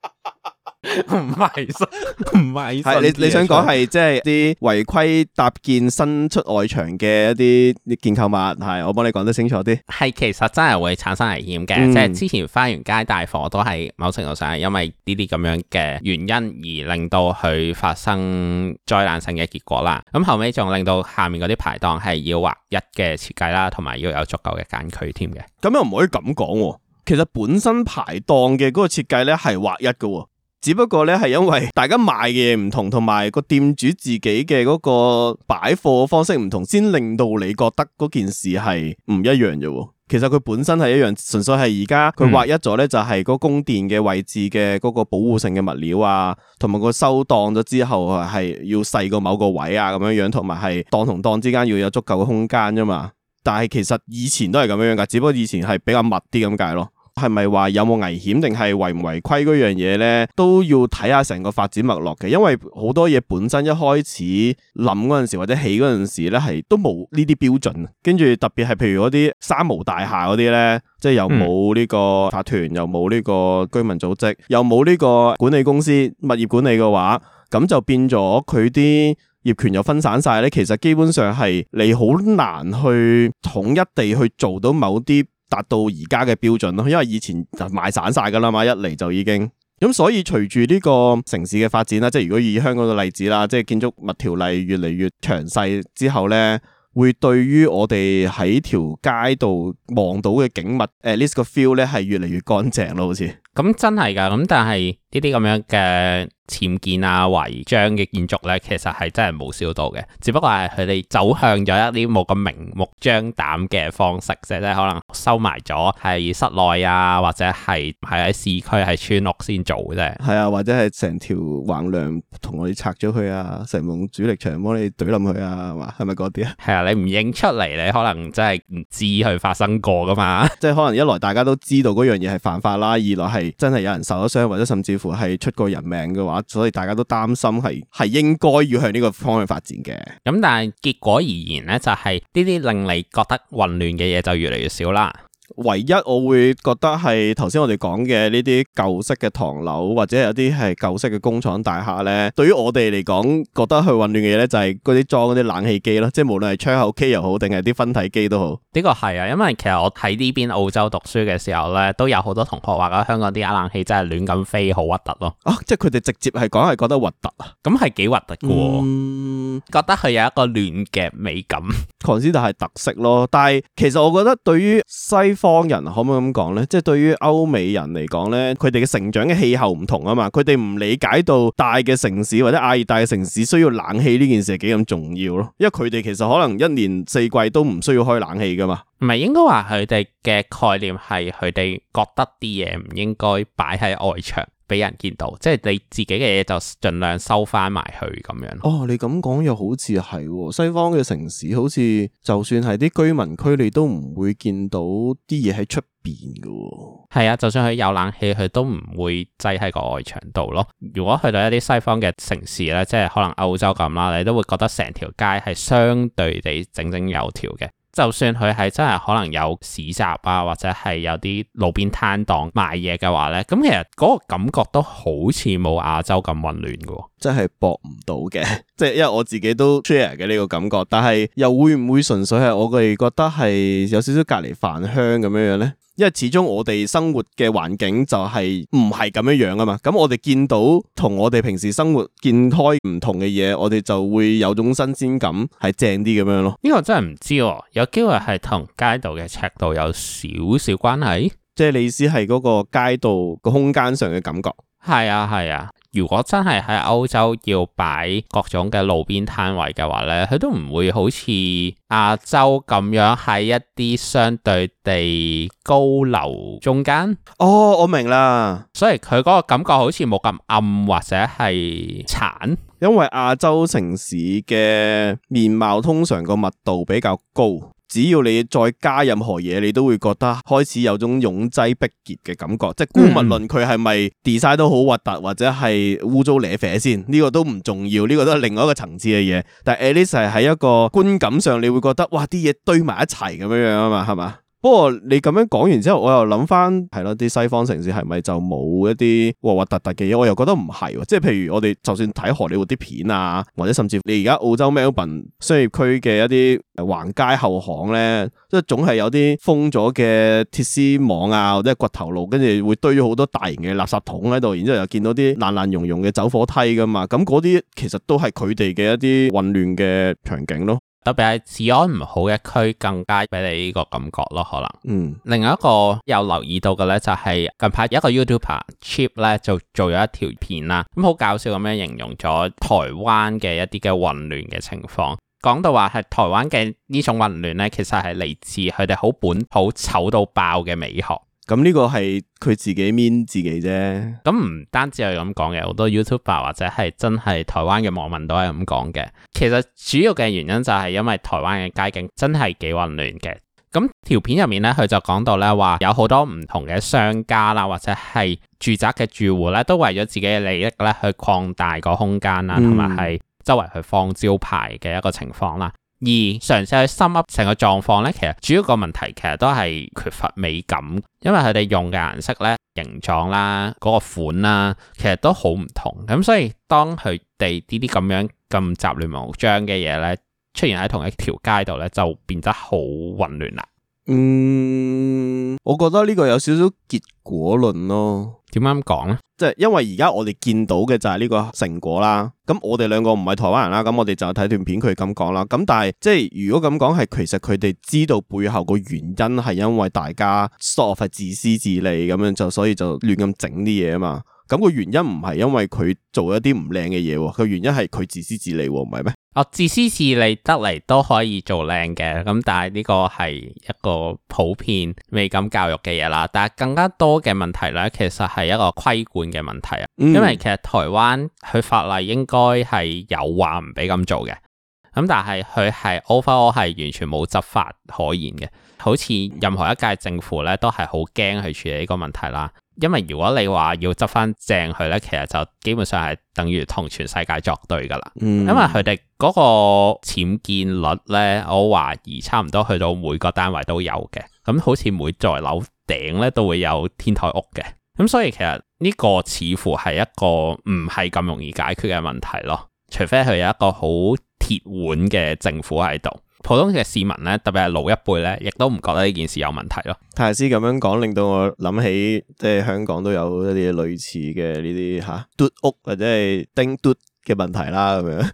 唔係唔係，你你想講係即係啲違規搭建伸出外牆嘅一啲建築物，係我幫你講得清楚啲。係其實真係會產生危險嘅，嗯、即係之前花園街大火都係某程度上係因為呢啲咁樣嘅原因而令到佢發生災難性嘅結果啦。咁後尾仲令到下面嗰啲排檔係要劃一嘅設計啦，同埋要有足夠嘅間距添嘅。咁又唔可以咁講，其實本身排檔嘅嗰個設計咧係劃一嘅。只不過咧，係因為大家賣嘅唔同，同埋個店主自己嘅嗰個擺貨方式唔同，先令到你覺得嗰件事係唔一樣啫。其實佢本身係一樣，純粹係而家佢劃一咗咧，就係嗰個供電嘅位置嘅嗰個保護性嘅物料啊，同埋個收檔咗之後係要細過某個位啊，咁樣樣，同埋係檔同檔之間要有足夠嘅空間啫嘛。但係其實以前都係咁樣樣噶，只不過以前係比較密啲咁解咯。係咪話有冇危險定係違唔違規嗰樣嘢咧，都要睇下成個發展脈絡嘅。因為好多嘢本身一開始諗嗰陣時或者起嗰陣時咧，係都冇呢啲標準。跟住特別係譬如嗰啲三無大廈嗰啲咧，即係又冇呢個法團，又冇呢個居民組織，又冇呢個管理公司物業管理嘅話，咁就變咗佢啲業權又分散晒咧。其實基本上係你好難去統一地去做到某啲。達到而家嘅標準咯，因為以前就賣散晒噶啦嘛，一嚟就已經咁，所以隨住呢個城市嘅發展啦，即係如果以香港嘅例子啦，即係建築物條例越嚟越詳細之後咧，會對於我哋喺條街度望到嘅景物越越，誒呢個 feel 咧係越嚟越乾淨咯，好似咁真係噶，咁但係。呢啲咁樣嘅僭建啊、違章嘅建築咧，其實係真係冇少到嘅，只不過係佢哋走向咗一啲冇咁明目張膽嘅方式，即係可能收埋咗喺室內啊，或者係係喺市區、喺村屋先做啫。係啊，或者係成條橫梁同我哋拆咗佢啊，成棟主力牆幫你懟冧佢啊，係咪嗰啲啊？係啊，你唔認出嚟，你可能真係唔知佢發生過噶嘛。即係可能一來大家都知道嗰樣嘢係犯法啦，二來係真係有人受咗傷，或者甚至。係出過人命嘅話，所以大家都擔心係係應該要向呢個方向發展嘅。咁但係結果而言咧，就係呢啲令你覺得混亂嘅嘢就越嚟越少啦。唯一我會覺得係頭先我哋講嘅呢啲舊式嘅唐樓或者有啲係舊式嘅工廠大廈呢對於我哋嚟講覺得去混亂嘅嘢呢，就係嗰啲裝嗰啲冷氣機咯，即係無論係窗口機又好，定係啲分體機都好。呢個係啊，因為其實我喺呢邊澳洲讀書嘅時候呢，都有好多同學話，喺香港啲冷氣真係亂咁飛，好核突咯。啊，即係佢哋直接係講係覺得核突啊，咁係幾核突噶。覺得佢有一個亂嘅美感，嗯，狂獅就係特色咯。但係其實我覺得對於西方人可唔可以咁講呢？即係對於歐美人嚟講呢，佢哋嘅成長嘅氣候唔同啊嘛，佢哋唔理解到大嘅城市或者亞熱帶嘅城市需要冷氣呢件事係幾咁重要咯。因為佢哋其實可能一年四季都唔需要開冷氣噶嘛。唔係應該話佢哋嘅概念係佢哋覺得啲嘢唔應該擺喺外牆。俾人見到，即係你自己嘅嘢就盡量收翻埋去咁樣。哦，你咁講又好似係西方嘅城市，好似就算係啲居民區，你都唔會見到啲嘢喺出邊噶。係啊，就算佢有冷氣，佢都唔會擠喺個外牆度咯。如果去到一啲西方嘅城市咧，即係可能歐洲咁啦，你都會覺得成條街係相對地整整有條嘅。就算佢係真係可能有市集啊，或者係有啲路邊攤檔賣嘢嘅話咧，咁其實嗰個感覺都好似冇亞洲咁混亂㗎，真係搏唔到嘅，即係因為我自己都 share 嘅呢個感覺。但係又會唔會純粹係我哋覺得係有少少隔離飯香咁樣樣咧？因為始終我哋生活嘅環境就係唔係咁樣樣啊嘛，咁我哋見到同我哋平時生活見開唔同嘅嘢，我哋就會有種新鮮感，係正啲咁樣咯。呢個真係唔知，有機會係同街道嘅尺度有少少關係，即係你意思係嗰個街道個空間上嘅感覺。係啊，係啊。如果真係喺歐洲要擺各種嘅路邊攤位嘅話呢，佢都唔會好似亞洲咁樣喺一啲相對地高樓中間。哦，我明啦，所以佢嗰個感覺好似冇咁暗或者係殘，因為亞洲城市嘅面貌通常個密度比較高。只要你再加任何嘢，你都會覺得開始有種擁擠逼結嘅感覺。即係姑勿論佢係咪 design 都好核突，或者係污糟瀨啡先？呢個都唔重要，呢個都係另外一個層次嘅嘢。但係 Alice 喺一個觀感上，你會覺得哇，啲嘢堆埋一齊咁樣樣啊嘛，係嘛？不過你咁樣講完之後，我又諗翻係咯，啲西方城市係咪就冇一啲核核突突嘅嘢？我又覺得唔係喎，即係譬如我哋就算睇荷里活啲片啊，或者甚至你而家澳洲 Melbourne 商業區嘅一啲橫街後巷咧，都總係有啲封咗嘅鐵絲網啊，或者係掘頭路，跟住會堆咗好多大型嘅垃圾桶喺度，然之後又見到啲爛爛溶溶嘅走火梯噶嘛，咁嗰啲其實都係佢哋嘅一啲混亂嘅場景咯。特別喺治安唔好嘅區更加俾你呢個感覺咯，可能。嗯，另外一個有留意到嘅咧就係、是、近排有一個 YouTuber Chip 咧就做咗一條片啦，咁好搞笑咁樣形容咗台灣嘅一啲嘅混亂嘅情況，講到話係台灣嘅呢種混亂咧，其實係嚟自佢哋好本土醜到爆嘅美學。咁呢個係佢自己 mean 自己啫。咁唔單止係咁講嘅，好多 YouTuber 或者係真係台灣嘅網民都係咁講嘅。其實主要嘅原因就係因為台灣嘅街景真係幾混亂嘅。咁條片入面咧，佢就講到咧話有好多唔同嘅商家啦，或者係住宅嘅住戶咧，都為咗自己嘅利益咧去擴大個空間啦，同埋係周圍去放招牌嘅一個情況啦。而嘗試去深挖成個狀況咧，其實主要個問題其實都係缺乏美感，因為佢哋用嘅顏色咧、形狀啦、嗰、那個款啦，其實都好唔同。咁所以當佢哋呢啲咁樣咁雜亂無章嘅嘢咧，出現喺同一條街度咧，就變得好混亂啦。嗯，我覺得呢個有少少結果論咯麼麼，點啱講咧？即係因為而家我哋見到嘅就係呢個成果啦。咁我哋兩個唔係台灣人啦，咁我哋就睇段片佢咁講啦。咁但係即係如果咁講，係其實佢哋知道背後個原因係因為大家 sof 自私自利咁樣，就所以就亂咁整啲嘢啊嘛。咁個原因唔係因為佢做一啲唔靚嘅嘢，佢原因係佢自私自利，唔係咩？哦，自私自利得嚟都可以做靚嘅，咁但係呢個係一個普遍美感教育嘅嘢啦。但係更加多嘅問題呢，其實係一個規管嘅問題啊。因為其實台灣佢法例應該係有話唔俾咁做嘅，咁但係佢係 over 係完全冇執法可言嘅，好似任何一屆政府呢，都係好驚去處理呢個問題啦。因為如果你話要執翻正佢咧，其實就基本上係等於同全世界作對噶啦。嗯。因為佢哋嗰個僭建率咧，我懷疑差唔多去到每個單位都有嘅。咁好似每座樓頂咧都會有天台屋嘅。咁所以其實呢個似乎係一個唔係咁容易解決嘅問題咯。除非佢有一個好鐵腕嘅政府喺度。普通嘅市民咧，特別係老一輩咧，亦都唔覺得呢件事有問題咯。泰師咁樣講，令到我諗起，即係香港都有一啲類似嘅呢啲嚇，嘟屋或者係叮嘟。嘅問題啦，咁 [LAUGHS] 樣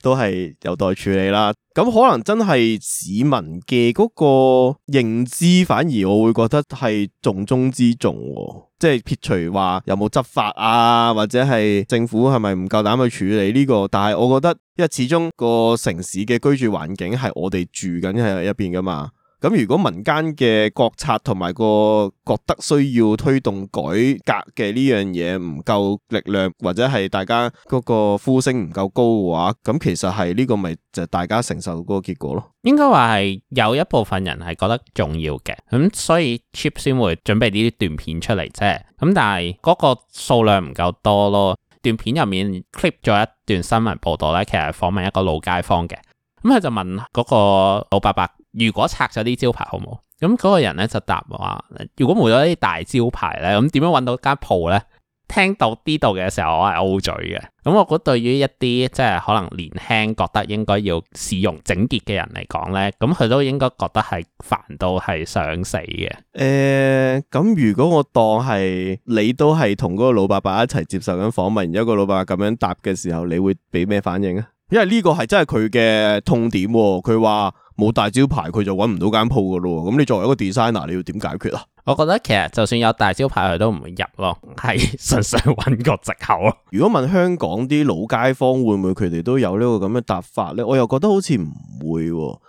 都係有待處理啦。咁可能真係市民嘅嗰個認知，反而我會覺得係重中之重喎。即係撇除話有冇執法啊，或者係政府係咪唔夠膽去處理呢個？但係我覺得，因為始終個城市嘅居住環境係我哋住緊喺入邊噶嘛。咁如果民間嘅國策同埋個覺得需要推動改革嘅呢樣嘢唔夠力量，或者係大家嗰個呼聲唔夠高嘅話，咁其實係呢個咪就大家承受嗰個結果咯。應該話係有一部分人係覺得重要嘅，咁所以 Chip 先會準備呢啲段片出嚟啫。咁但係嗰個數量唔夠多咯。段片入面 clip 咗一段新聞報道咧，其實係訪問一個老街坊嘅，咁佢就問嗰個老伯伯。如果拆咗啲招牌，好唔好？咁嗰個人咧就答話：如果冇咗啲大招牌咧，咁點樣搵到間鋪咧？聽到呢度嘅時候，我係 o 嘴嘅。咁我估對於一啲即係可能年輕覺得應該要市容整潔嘅人嚟講咧，咁佢都應該覺得係煩到係想死嘅。誒、呃，咁如果我當係你都係同嗰個老伯伯一齊接受緊訪問，一個老伯伯咁樣答嘅時候，你會俾咩反應啊？因為呢個係真係佢嘅痛點。佢話。冇大招牌佢就揾唔到間鋪㗎咯，咁你作為一個 designer，你要點解決啊？我覺得其實就算有大招牌，佢都唔會入咯，係純粹揾個藉口啊。 [LAUGHS] 如果問香港啲老街坊會唔會佢哋都有呢個咁嘅答法呢？我又覺得好似唔會，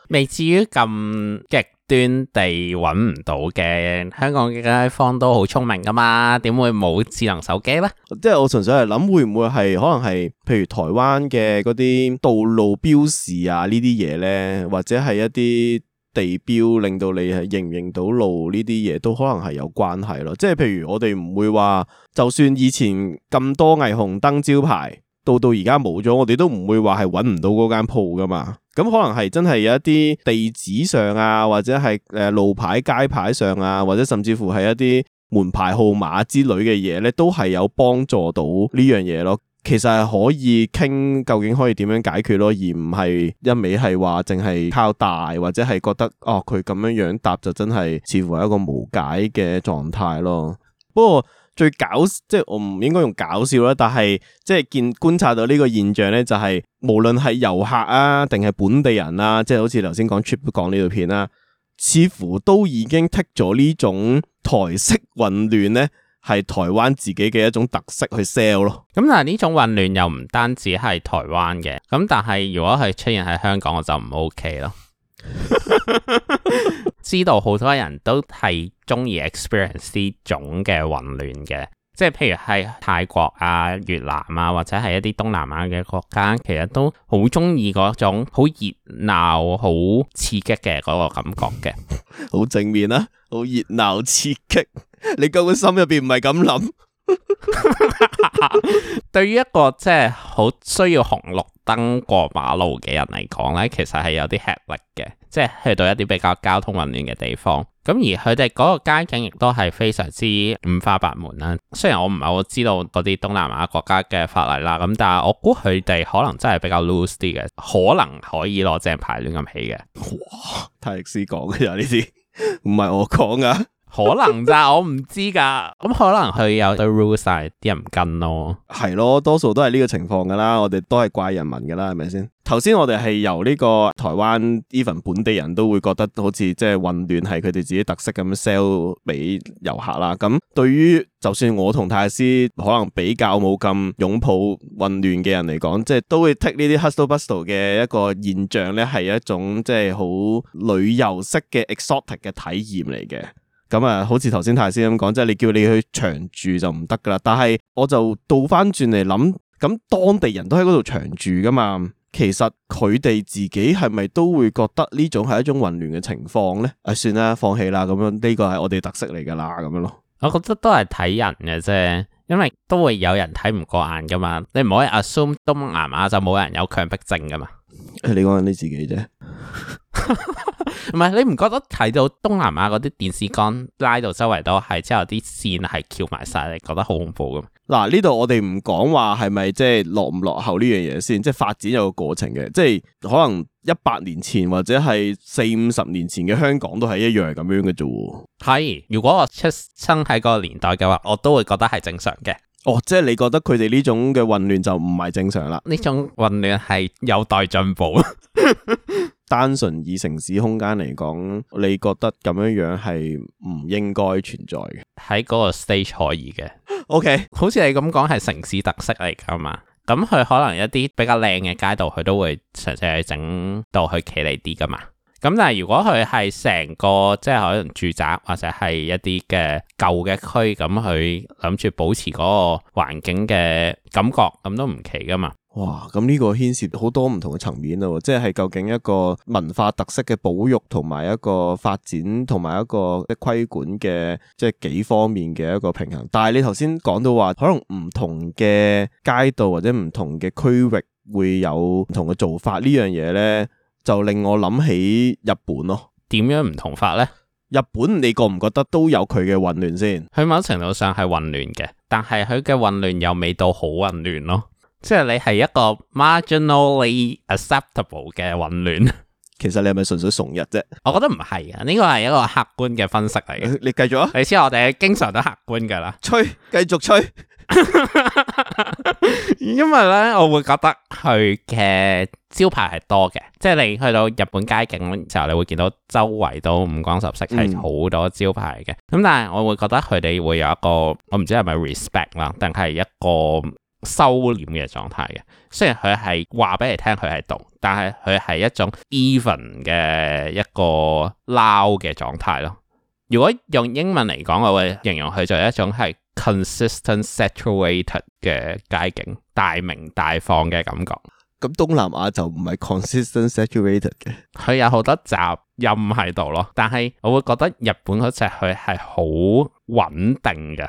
未至於咁激，極端地揾唔到嘅，香港嘅街坊都好聰明㗎嘛，點會冇智能手機咧？即係我純粹係諗，會唔會係可能係，譬如台灣嘅嗰啲道路標示啊呢啲嘢咧，或者係一啲地標，令到你認唔認到路呢啲嘢都可能係有關係咯。即係譬如我哋唔會話，就算以前咁多霓虹燈招牌，到到而家冇咗，我哋都唔會話係揾唔到嗰間鋪㗎嘛。咁可能係真係有一啲地址上啊，或者係誒路牌、街牌上啊，或者甚至乎係一啲門牌號碼之類嘅嘢咧，都係有幫助到呢樣嘢咯。其實係可以傾究竟可以點樣解決咯，而唔係一味係話淨係靠大，或者係覺得哦，佢咁樣樣答就真係似乎係一個無解嘅狀態咯。不過，最搞笑，即係我唔應該用搞笑啦，但係即係見觀察到呢個現象咧、就是，就係無論係遊客啊，定係本地人啦、啊，即係好似頭先講 trip 都講呢段片啦，似乎都已經剔咗呢種台式混亂咧，係台灣自己嘅一種特色去 sell 咯。咁但係呢種混亂又唔單止係台灣嘅，咁但係如果係出現喺香港，我就唔 OK 咯。 [LAUGHS] 知道好多人都係中意 experience 呢種嘅混亂嘅，即係譬如係泰國啊、越南啊，或者係一啲東南亞嘅國家，其實都好中意嗰種好熱鬧、好刺激嘅嗰個感覺嘅，好 [LAUGHS] 正面啊，好熱鬧刺激，你究竟心入邊唔係咁諗？ [LAUGHS] 對於一個即係好需要紅綠燈過馬路嘅人嚟講呢，其實係有啲吃力嘅，即係去到一啲比較交通混亂嘅地方。咁而佢哋嗰個街景亦都係非常之五花八門啦。雖然我唔係好知道嗰啲東南亞國家嘅法例啦，咁但係我估佢哋可能真係比較 loose 啲嘅，可能可以攞正牌亂咁起嘅。哇！泰迪斯講嘅就呢啲，唔係我講㗎。 [LAUGHS] 可能咋，我唔知噶。咁可能佢有啲 rule 曬啲人唔跟咯。係咯， [LAUGHS] 多數都係呢個情況噶啦。我哋都係怪人民噶啦，係咪先？頭先我哋係由呢個台灣 even 本地人都會覺得好似即係混亂係佢哋自己特色咁 sell 俾遊客啦。咁對於就算我同泰斯可能比較冇咁擁抱混亂嘅人嚟講，即係都會 take 呢啲 hustle bustle 嘅一個現象咧，係一種即係好旅遊式嘅 exotic 嘅體驗嚟嘅。咁啊、嗯，好似頭先泰先咁講，即係你叫你去長住就唔得噶啦。但係我就倒翻轉嚟諗，咁當地人都喺嗰度長住噶嘛，其實佢哋自己係咪都會覺得呢種係一種混亂嘅情況呢？誒、啊，算啦，放棄啦，咁樣呢個係我哋特色嚟㗎啦，咁樣咯。我覺得都係睇人嘅啫，因為都會有人睇唔過眼噶嘛。你唔可以 assume 東南亞就冇人有強迫症㗎嘛？嗯、你講緊你自己啫。 [LAUGHS] 唔係， [LAUGHS] 你唔覺得睇到東南亞嗰啲電視杆拉到周圍都係，之後啲線係翹埋晒，你覺得好恐怖噶？嗱，呢度我哋唔講話係咪即係落唔落後呢樣嘢先，即係發展有個過程嘅，即係可能一百年前或者係四五十年前嘅香港都係一樣咁樣嘅啫。係，如果我出生喺嗰個年代嘅話，我都會覺得係正常嘅。哦，即係你覺得佢哋呢種嘅混亂就唔係正常啦？呢種混亂係有待進步。 [LAUGHS] 單純以城市空間嚟講，你覺得咁樣樣係唔應該存在嘅？喺嗰個 stage 可以嘅。 [LAUGHS] OK，好似你咁講係城市特色嚟㗎嘛？咁佢可能一啲比較靚嘅街道，佢都會實際去整到佢企理啲㗎嘛？咁但係如果佢係成個即係可能住宅或者係一啲嘅舊嘅區，咁佢諗住保持嗰個環境嘅感覺，咁都唔奇㗎嘛？哇！咁呢個牽涉好多唔同嘅層面咯，即係究竟一個文化特色嘅保育同埋一個發展同埋一個即係規管嘅即係幾方面嘅一個平衡。但係你頭先講到話，可能唔同嘅街道或者唔同嘅區域會有唔同嘅做法呢樣嘢呢，就令我諗起日本咯。點樣唔同法呢？日本你覺唔覺得都有佢嘅混亂先？佢某程度上係混亂嘅，但係佢嘅混亂又未到好混亂咯。即係你係一個 marginally acceptable 嘅混亂，其實你係咪純粹崇日啫？我覺得唔係啊，呢個係一個客觀嘅分析嚟嘅。你繼續啊！你知我哋經常都客觀噶啦，吹，繼續吹。 [LAUGHS] [LAUGHS] 因為咧，我會覺得佢嘅招牌係多嘅，即係你去到日本街景之後，你會見到周圍都五光十色，係好多招牌嘅。咁、嗯、但係我會覺得佢哋會有一個，我唔知係咪 respect 啦，定係一個。收斂嘅狀態嘅，雖然佢係話俾你聽佢係動，但係佢係一種 even 嘅一個撈嘅狀態咯。如果用英文嚟講，我會形容佢就係一種係 consistent saturated 嘅街景，大明大放嘅感覺。咁東南亞就唔係 consistent [LAUGHS] saturated 嘅，佢有好多雜音喺度咯。但係我會覺得日本嗰隻佢係好穩定嘅。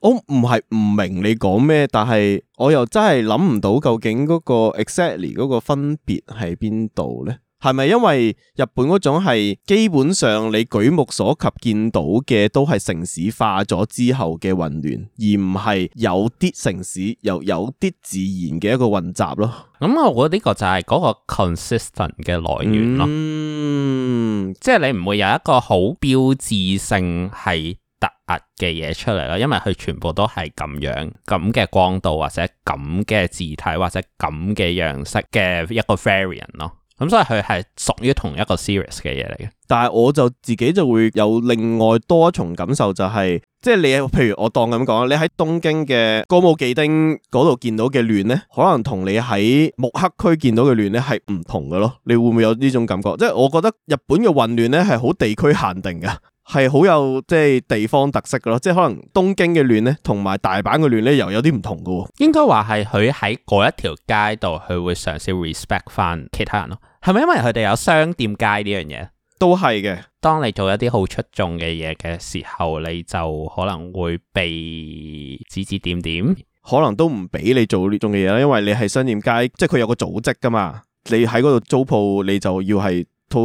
我唔係唔明你講咩，但係我又真係諗唔到究竟嗰個 exactly 嗰個分別喺邊度呢？係咪因為日本嗰種係基本上你舉目所及見到嘅都係城市化咗之後嘅混亂，而唔係有啲城市又有啲自然嘅一個混雜咯？咁我覺得呢個就係嗰個 consistent 嘅來源咯，嗯，即係你唔會有一個好標誌性係嘅嘢出嚟咯，因為佢全部都係咁樣咁嘅光度或者咁嘅字體或者咁嘅樣、樣式嘅一個 variant 咯、嗯，咁所以佢係屬於同一個 series 嘅嘢嚟嘅。但係我就自己就會有另外多一重感受，就是，就係即係你，譬如我當咁講你喺東京嘅歌舞伎町嗰度見到嘅亂呢，可能同你喺目黑區見到嘅亂呢係唔同嘅咯。你會唔會有呢種感覺？即係我覺得日本嘅混亂呢係好地區限定噶。係好有即係地方特色嘅咯，即係可能東京嘅亂咧，同埋大阪嘅亂咧，又有啲唔同嘅。應該話係佢喺嗰一條街度，佢會嘗試 respect 翻其他人咯。係咪因為佢哋有商店街呢樣嘢？都係嘅。當你做一啲好出眾嘅嘢嘅時候，你就可能會被指指點點，可能都唔俾你做呢種嘅嘢。因為你係商店街，即係佢有個組織噶嘛。你喺嗰度租鋪，你就要係。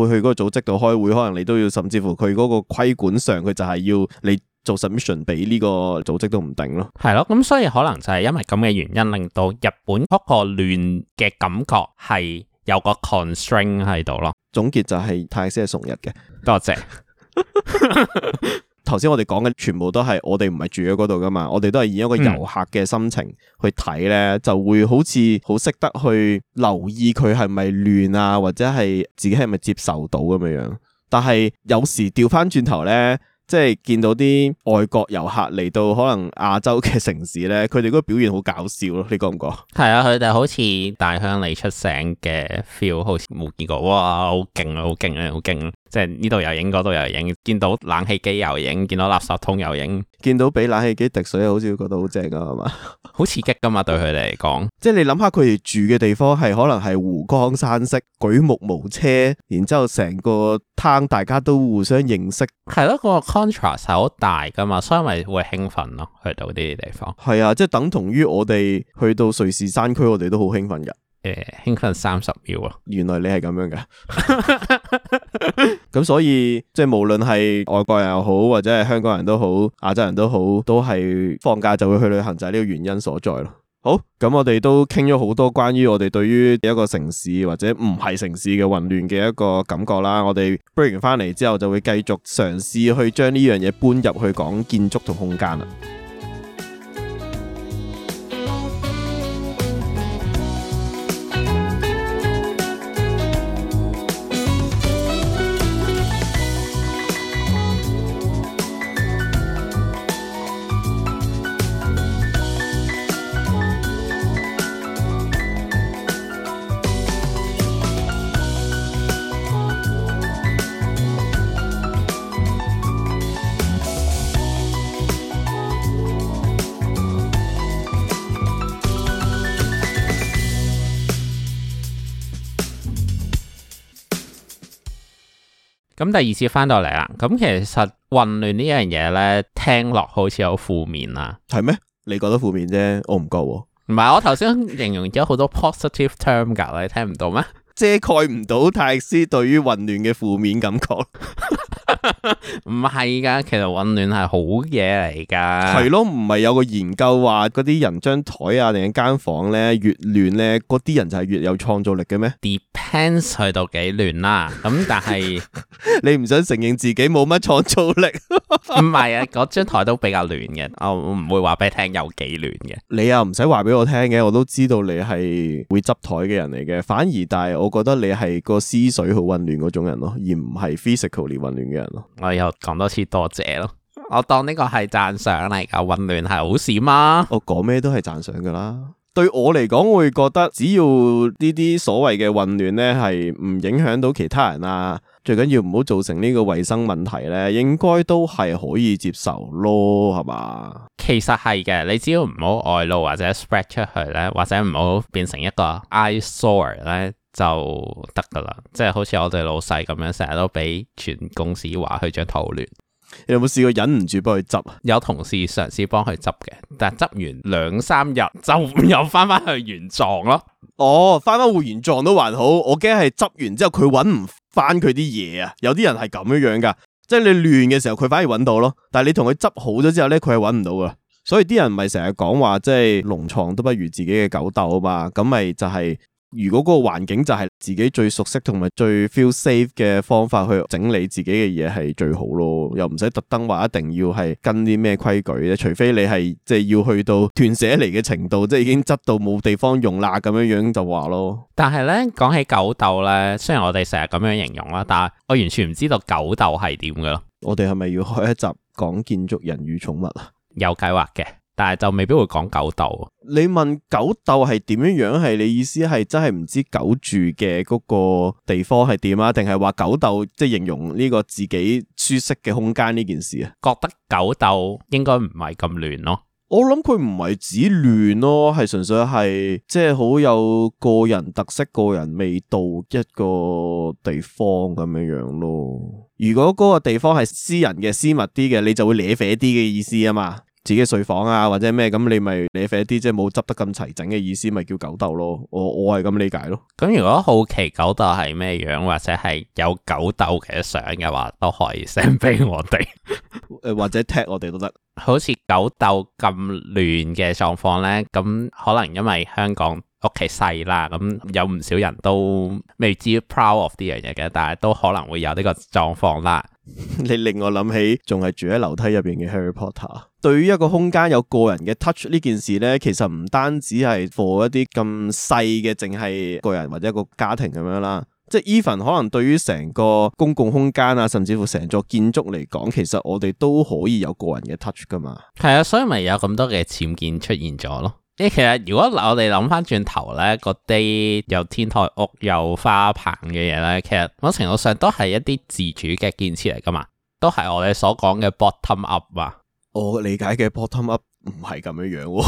去嗰個組織度開會，可能你都要甚至乎佢嗰個規管上，佢就係要你做 submission 俾呢個組織都唔定咯。係咯，咁所以可能就係因為咁嘅原因，令到日本嗰個亂嘅感覺係有個 constraint 喺度咯。總結就係太識崇日嘅，多謝。 [LAUGHS] [LAUGHS] 頭先我哋講嘅全部都係我哋唔係住喺嗰度噶嘛，我哋都係以一個遊客嘅心情去睇咧，就會好似好識得去留意佢係咪亂啊，或者係自己係咪接受到咁樣樣。但係有時調翻轉頭咧，即係見到啲外國遊客嚟到可能亞洲嘅城市咧，佢哋嗰個表現好搞笑咯，你覺唔覺？係啊，佢哋好似大鄉里出城嘅 feel，好似冇見過，哇，好勁啊，好勁啊，好勁即係呢度又影，嗰度又影，見到冷氣機又影，見到垃圾桶又影，見到俾冷氣機滴水，好似覺得好正噶，係嘛？好 [LAUGHS] 刺激噶嘛，對佢哋嚟講。即係你諗下，佢哋住嘅地方係可能係湖光山色，舉目無車，然之後成個攤大家都互相認識，係咯，個 contrast 好大噶嘛，所以咪會興奮咯，去到呢啲地方。係啊，即係等同於我哋去到瑞士山區，我哋都好興奮噶。誒，興奮三十秒啊！原來你係咁樣噶。 [LAUGHS] [LAUGHS] 咁所以即係無論係外國人又好，或者係香港人都好，亞洲人都好，都係放假就會去旅行，就係呢個原因所在咯。好，咁我哋都傾咗好多關於我哋對於一個城市或者唔係城市嘅混亂嘅一個感覺啦。我哋 break 完翻嚟之後，就會繼續嘗試去將呢樣嘢搬入去講建築同空間啦。咁第二次翻到嚟啦，咁其實混亂呢樣嘢咧，聽落好似有負面啦，係咩？你覺得負面啫，我唔覺喎、啊。唔係，我頭先形容咗好多 positive term 噶，你聽唔到咩？遮蓋唔到泰斯對於混亂嘅負面感覺。 [LAUGHS] 唔係噶，其實混亂係好嘢嚟噶。係咯，唔係有個研究話嗰啲人張台啊，定間房咧越亂咧，嗰啲人就係越有創造力嘅咩？Depends，去到幾亂啦。咁但係 [LAUGHS] 你唔想承認自己冇乜創造力？唔係啊，嗰張台都比較亂嘅。我唔會話俾你聽有幾亂嘅。你又唔使話俾我聽嘅，我都知道你係會執台嘅人嚟嘅。反而，但係我覺得你係個思緒好混亂嗰種人咯，而唔係 physically 混亂嘅。我又講多次多謝咯，我當呢個係讚賞嚟噶，混亂係好事嗎？我講咩都係讚賞噶啦。對我嚟講，我會覺得只要呢啲所謂嘅混亂呢，係唔影響到其他人啊，最緊要唔好造成呢個衛生問題呢，應該都係可以接受咯，係嘛？其實係嘅，你只要唔好外露或者 spread 出去呢，或者唔好變成一個 eyesore 呢。就得噶啦，即係好似我哋老細咁樣，成日都俾全公司話佢張檯好亂。你有冇試過忍唔住幫佢執啊？有同事嘗試幫佢執嘅，但係執完兩三日就又翻翻去原狀咯。哦，翻翻回原狀都還好，我驚係執完之後佢搵唔翻佢啲嘢啊。有啲人係咁樣樣噶，即係你亂嘅時候佢反而搵到咯，但係你同佢執好咗之後呢，佢係搵唔到噶。所以啲人咪成日講話，即係龍床都不如自己嘅狗竇吖嘛。咁咪就係、是。如果嗰個環境就係自己最熟悉同埋最 feel safe 嘅方法去整理自己嘅嘢，係最好咯，又唔使特登話一定要係跟啲咩規矩咧，除非你係即係要去到斷捨離嘅程度，即係已經執到冇地方用啦咁樣樣就話咯。但係咧，講起狗竇咧，雖然我哋成日咁樣形容啦，但係我完全唔知道狗竇係點噶咯。我哋係咪要開一集講建築人與寵物啊？有計劃嘅。但係就未必會講狗竇。你問狗竇係點樣樣？係你意思係真係唔知狗住嘅嗰個地方係點啊？定係話狗竇即係形容呢個自己舒適嘅空間呢件事啊？覺得狗竇應該唔係咁亂咯。我諗佢唔係指亂咯，係純粹係即係好有個人特色、個人味道一個地方咁樣樣咯。如果嗰個地方係私人嘅、私密啲嘅，你就會惹肥啲嘅意思啊嘛。自己睡房啊，或者咩咁，你咪你肥啲，即係冇執得咁齊整嘅意思，咪、就是、叫狗竇咯。我我係咁理解咯。咁如果好奇狗竇係咩樣，或者係有狗竇嘅相嘅話，都可以 send 俾我哋。誒 [LAUGHS] ，或者踢我哋都得。好似狗竇咁亂嘅狀況咧，咁可能因為香港屋企細啦，咁有唔少人都未至於 proud of 呢樣嘢嘅，但係都可能會有呢個狀況啦。 [LAUGHS] 你令我諗起，仲係住喺樓梯入邊嘅 Harry Potter。對於一個空間有個人嘅 touch 呢件事呢，其實唔單止係 for 一啲咁細嘅，淨係個人或者一個家庭咁樣啦。即係 even 可能對於成個公共空間啊，甚至乎成座建築嚟講，其實我哋都可以有個人嘅 touch 噶嘛。係啊，所以咪有咁多嘅僭建出現咗咯。其實如果我哋諗翻轉頭咧，嗰啲有天台屋、有花棚嘅嘢咧，其實某程度上都係一啲自主嘅建設嚟噶嘛，都係我哋所講嘅 bottom up 啊。我理解嘅 bottom up 唔係咁樣樣，哦。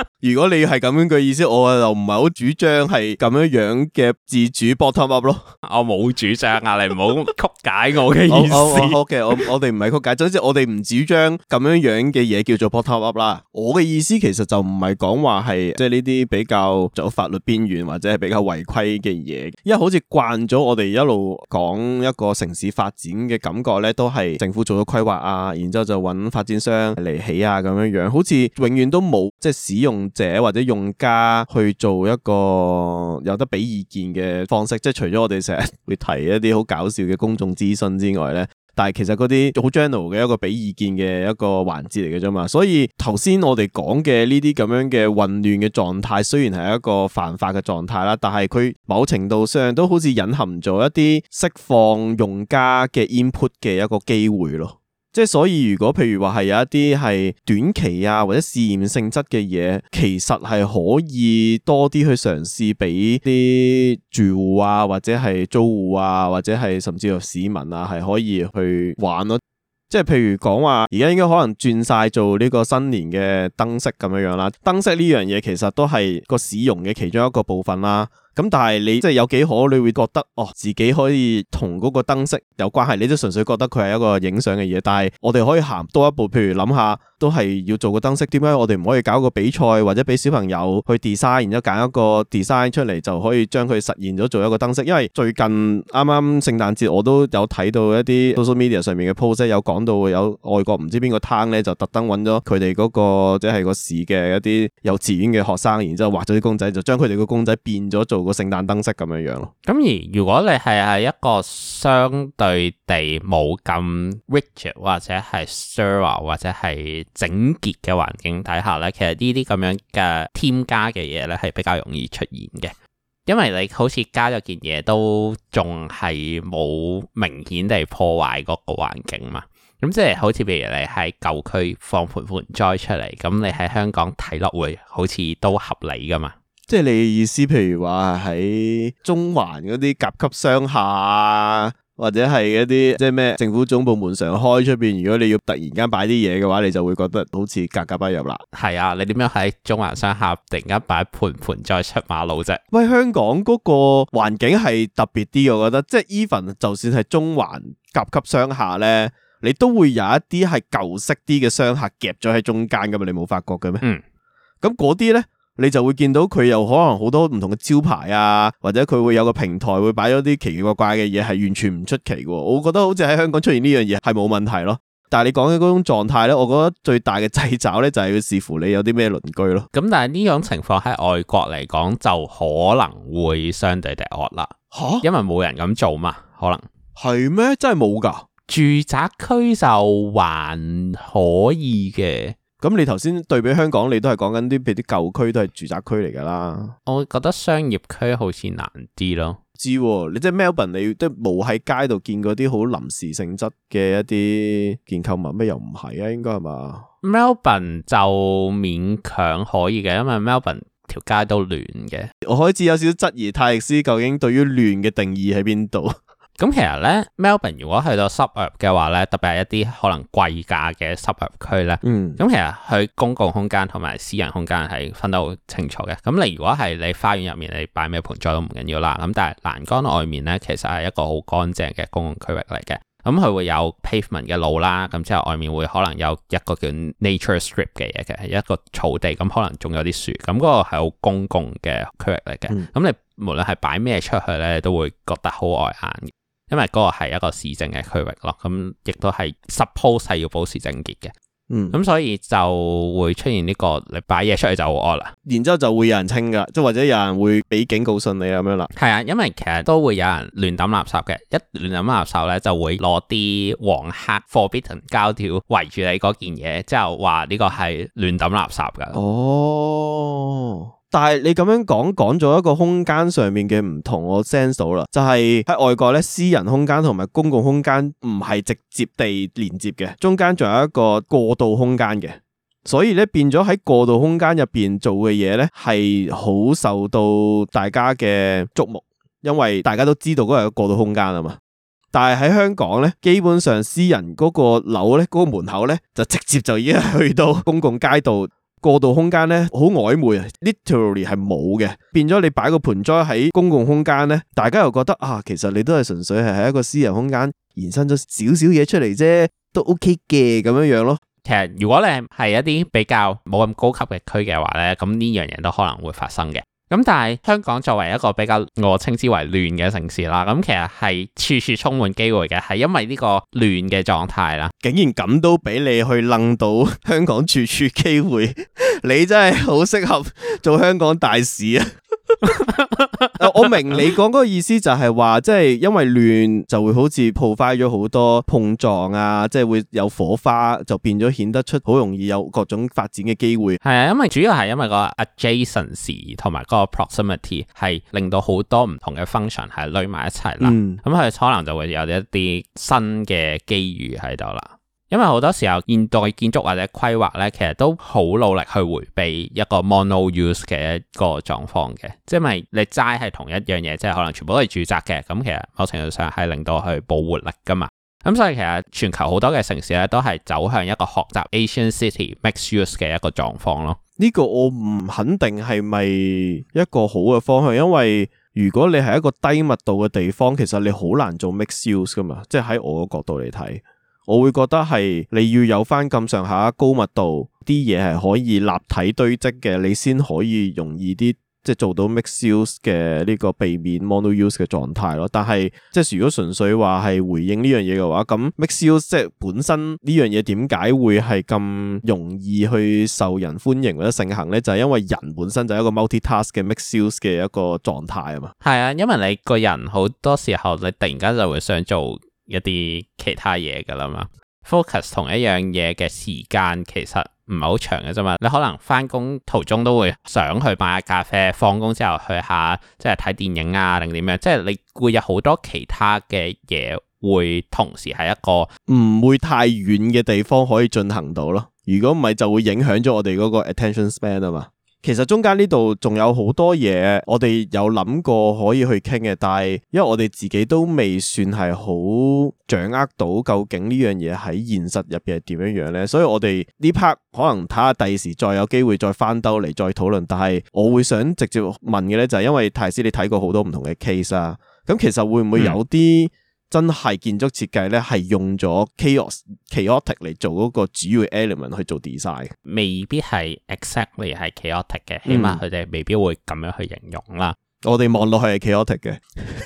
[LAUGHS] [LAUGHS] 如果你係咁樣嘅意思，我就唔係好主張係咁樣樣嘅自主 bottom up 咯。我冇主張、啊，阿 [LAUGHS] 你唔好曲解我嘅意思。好嘅，我我哋唔係曲解，總之我哋唔主張咁樣樣嘅嘢，叫做 bottom up 啦。我嘅意思其實就唔係講話係即係呢啲比較走法律邊緣或者係比較違規嘅嘢，因為好似慣咗我哋一路講一個城市發展嘅感覺咧，都係政府做咗規劃啊，然之後就揾發展商嚟起啊咁樣樣，好似永遠都冇即係使用。者或者用家去做一個有得俾意見嘅方式，即係除咗我哋成日會提一啲好搞笑嘅公眾諮詢之外咧，但係其實嗰啲好 general 嘅一個俾意見嘅一個環節嚟嘅啫嘛。所以頭先我哋講嘅呢啲咁樣嘅混亂嘅狀態，雖然係一個繁化嘅狀態啦，但係佢某程度上都好似隱含咗一啲釋放用家嘅 input 嘅一個機會咯。即係所以，如果譬如話係有一啲係短期啊，或者試驗性質嘅嘢，其實係可以多啲去嘗試，俾啲住戶啊，或者係租戶啊，或者係甚至乎市民啊，係可以去玩咯，啊。即係譬如講話而家應該可能轉晒做呢個新年嘅燈飾咁樣樣啦。燈飾呢樣嘢其實都係個市容嘅其中一個部分啦。咁但係你即係有幾可，你會覺得哦，自己可以同嗰個燈飾有關係，你都純粹覺得佢係一個影相嘅嘢。但係我哋可以行多一步，譬如諗下，都係要做個燈飾。點解我哋唔可以搞個比賽，或者俾小朋友去 design，然之後揀一個 design 出嚟，就可以將佢實現咗做一個燈飾？因為最近啱啱聖誕節，我都有睇到一啲 social media 上面嘅 post，有講到有外國唔知邊個 town 咧，就特登揾咗佢哋嗰個即係個市嘅一啲幼稚園嘅學生，然之後畫咗啲公仔，就將佢哋個公仔變咗做個聖誕燈飾咁樣樣咯，咁、嗯、而如果你係係一個相對地冇咁 rigid 或者係 surreal 或者係整潔嘅環境底下咧，其實呢啲咁樣嘅添加嘅嘢咧係比較容易出現嘅，因為你好似加咗件嘢都仲係冇明顯地破壞嗰個環境嘛，咁即係好似譬如你喺舊區放盆盆栽出嚟，咁你喺香港睇落會好似都合理噶嘛。即係你意思，譬如話喺中環嗰啲甲級商廈，或者係一啲即係咩政府總部門常開出邊，如果你要突然間擺啲嘢嘅話，你就會覺得好似格格不入啦。係啊,你點樣喺中環商廈突然間擺盤盤再出馬路啫？喂,香港嗰個環境係特別啲,我覺得即係 even 就算係中環甲級商廈咧,你都會有一啲係舊式啲嘅商廈夾咗喺中間㗎嘛？你冇發覺嘅咩？嗯，咁嗰啲咧。你就會見到佢又可能好多唔同嘅招牌啊，或者佢會有個平台會擺咗啲奇奇怪怪嘅嘢，係完全唔出奇嘅。我覺得好似喺香港出現呢樣嘢係冇問題咯。但係你講嘅嗰種狀態咧，我覺得最大嘅掣肘咧就係要視乎你有啲咩鄰居咯。咁、嗯、但係呢樣情況喺外國嚟講就可能會相對地惡劣吓，蛤因為冇人咁做嘛，可能係咩真係冇噶？住宅區就還可以嘅。咁你頭先對比香港，你都係講緊啲，譬如啲舊區都係住宅區嚟噶啦。我覺得商業區好似難啲咯。知你即係 Melbourne，你都冇喺街度見過啲好臨時性質嘅一啲建築物咩？又唔係啊？應該係嘛？Melbourne 就勉強可以嘅，因為 Melbourne 條街都亂嘅。我開始有少少質疑泰力斯究竟對於亂嘅定義喺邊度。咁其實咧，Melbourne 如果去到 Suburb 嘅話咧，特別係一啲可能貴價嘅 Suburb 區咧，咁、嗯、其實佢公共空間同埋私人空間係分得好清楚嘅。咁你如果係你花園入面，你擺咩盆栽都唔緊要啦。咁但係欄杆外面咧，其實係一個好乾淨嘅公共區域嚟嘅。咁佢會有 pavement 嘅路啦，咁之後外面會可能有一個叫 nature strip 嘅嘢嘅，一個草地，咁可能種有啲樹。咁嗰個係好公共嘅區域嚟嘅。咁、嗯、你無論係擺咩出去咧，都會覺得好礙眼。因為嗰個係一個市政嘅區域咯，咁亦都係 suppose 係要保持整潔嘅，嗯，咁所以就會出現呢、這個你擺嘢出去就惡啦，然之後就會有人清㗎，即係或者有人會俾警告信你咁樣啦。係啊，因為其實都會有人亂抌垃圾嘅，一亂抌垃圾咧就會攞啲黃黑 Forbidden 膠條圍住你嗰件嘢，之後話呢個係亂抌垃圾㗎。哦。但係你咁樣講，講咗一個空間上面嘅唔同，我 sense 到啦，就係、是、喺外國咧，私人空間同埋公共空間唔係直接地連接嘅，中間仲有一個過渡空間嘅，所以咧變咗喺過渡空間入邊做嘅嘢咧，係好受到大家嘅矚目，因為大家都知道嗰係個過渡空間啊嘛。但係喺香港咧，基本上私人嗰個樓咧，嗰、那個門口咧，就直接就已經去到公共街道。過渡空間咧好曖昧啊，literally 係冇嘅，變咗你擺個盆栽喺公共空間咧，大家又覺得啊，其實你都係純粹係喺一個私人空間延伸咗少少嘢出嚟啫，都 OK 嘅咁樣樣咯。其實如果你係一啲比較冇咁高級嘅區嘅話咧，咁呢樣嘢都可能會發生嘅。咁但係香港作為一個比較我稱之為亂嘅城市啦，咁其實係處處充滿機會嘅，係因為呢個亂嘅狀態啦，竟然，咁都俾你去楞到香港處處機會，你真係好適合做香港大使啊！ [LAUGHS] 我明你講嗰個意思就係話，即係因為亂就會好似破壞咗好多碰撞啊，即、就、係、是、會有火花，就變咗顯得出好容易有各種發展嘅機會。係啊，因為主要係因為個 adjacency 同埋個 proximity 係令到好多唔同嘅 function 係累埋一齊啦。咁佢、嗯、可能就會有一啲新嘅機遇喺度啦。因為好多時候現代建築或者規劃咧，其實都好努力去回避一個 mono use 嘅一個狀況嘅，即係咪你齋係同一樣嘢，即係可能全部都係住宅嘅，咁其實某程度上係令到去保活力噶嘛。咁所以其實全球好多嘅城市咧，都係走向一個學習 Asian city mixed use 嘅一個狀況咯。呢個我唔肯定係咪一個好嘅方向，因為如果你係一個低密度嘅地方，其實你好難做 mixed use 噶嘛。即係喺我嘅角度嚟睇。我會覺得係你要有翻咁上下高密度啲嘢係可以立體堆積嘅，你先可以容易啲即係做到 mix use 嘅，呢個避免 mono use 嘅狀態咯。但係即係如果純粹話係回應呢樣嘢嘅話，咁 mix use 即係本身呢樣嘢點解會係咁容易去受人歡迎或者盛行咧？就係、是、因為人本身就係一個 multi task 嘅 mix use 嘅一個狀態啊嘛。係啊，因為你個人好多時候你突然間就會想做。一啲其他嘢嘅啦嘛，focus 同一樣嘢嘅時間其實唔係好長嘅啫嘛，你可能翻工途中都會想去買下咖啡，放工之後去下即係睇電影啊，定點樣，即係你會有好多其他嘅嘢會同時喺一個唔會太遠嘅地方可以進行到咯，如果唔係就會影響咗我哋嗰個 attention span 啊嘛。其實中間呢度仲有好多嘢，我哋有諗過可以去傾嘅，但係因為我哋自己都未算係好掌握到究竟呢樣嘢喺現實入邊係點樣樣呢。所以我哋呢 part 可能睇下第時再有機會再翻兜嚟，再討論。但係我會想直接問嘅呢，就係因為泰斯你睇過好多唔同嘅 case 啊，咁其實會唔會有啲、嗯？真係建築設計咧，係用咗 chaos、chaotic 嚟做嗰個主要 element 去做 design。未必係 exactly 係 chaotic 嘅，起碼佢哋未必會咁樣去形容啦。我哋望落去係 chaotic 嘅，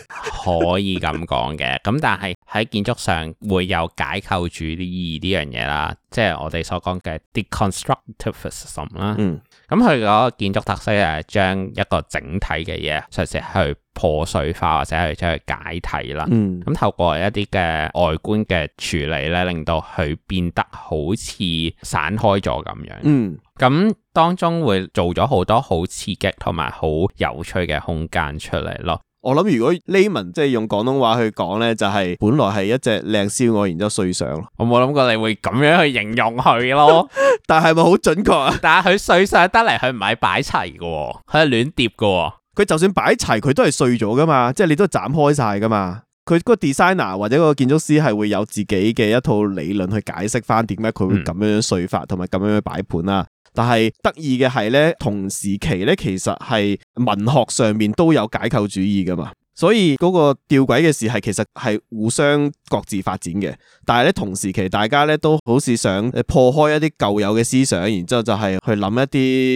可以咁講嘅。咁但係。喺建築上會有解構主義呢樣嘢啦，即係我哋所講嘅 deconstructivism 啦。嗯，咁佢個建築特色係將一個整體嘅嘢嘗試去破碎化或者去將佢解體啦。嗯，咁透過一啲嘅外觀嘅處理咧，令到佢變得好似散開咗咁樣。嗯，咁當中會做咗好多好刺激同埋好有趣嘅空間出嚟咯。我諗如果呢文即係用廣東話去講咧，就係本來係一隻靚燒鵝，然之後碎上。我冇諗過你會咁樣去形容佢咯。 [LAUGHS] 但係咪好準確啊？但係佢碎晒得嚟，佢唔係擺齊嘅，佢係亂疊嘅。佢就算擺齊，佢都係碎咗噶嘛。即係你都斬開晒噶嘛。佢個 designer 或者個建築師係會有自己嘅一套理論去解釋翻點解佢會咁樣樣碎法，同埋咁樣樣擺盤啦。但係得意嘅係呢，同時期呢，其實係文學上面都有解構主義㗎嘛。所以嗰個吊詭嘅事係其實，係互相各自發展嘅，但係咧同時期大家咧都好似想誒破開一啲舊有嘅思想，然之後就係去諗一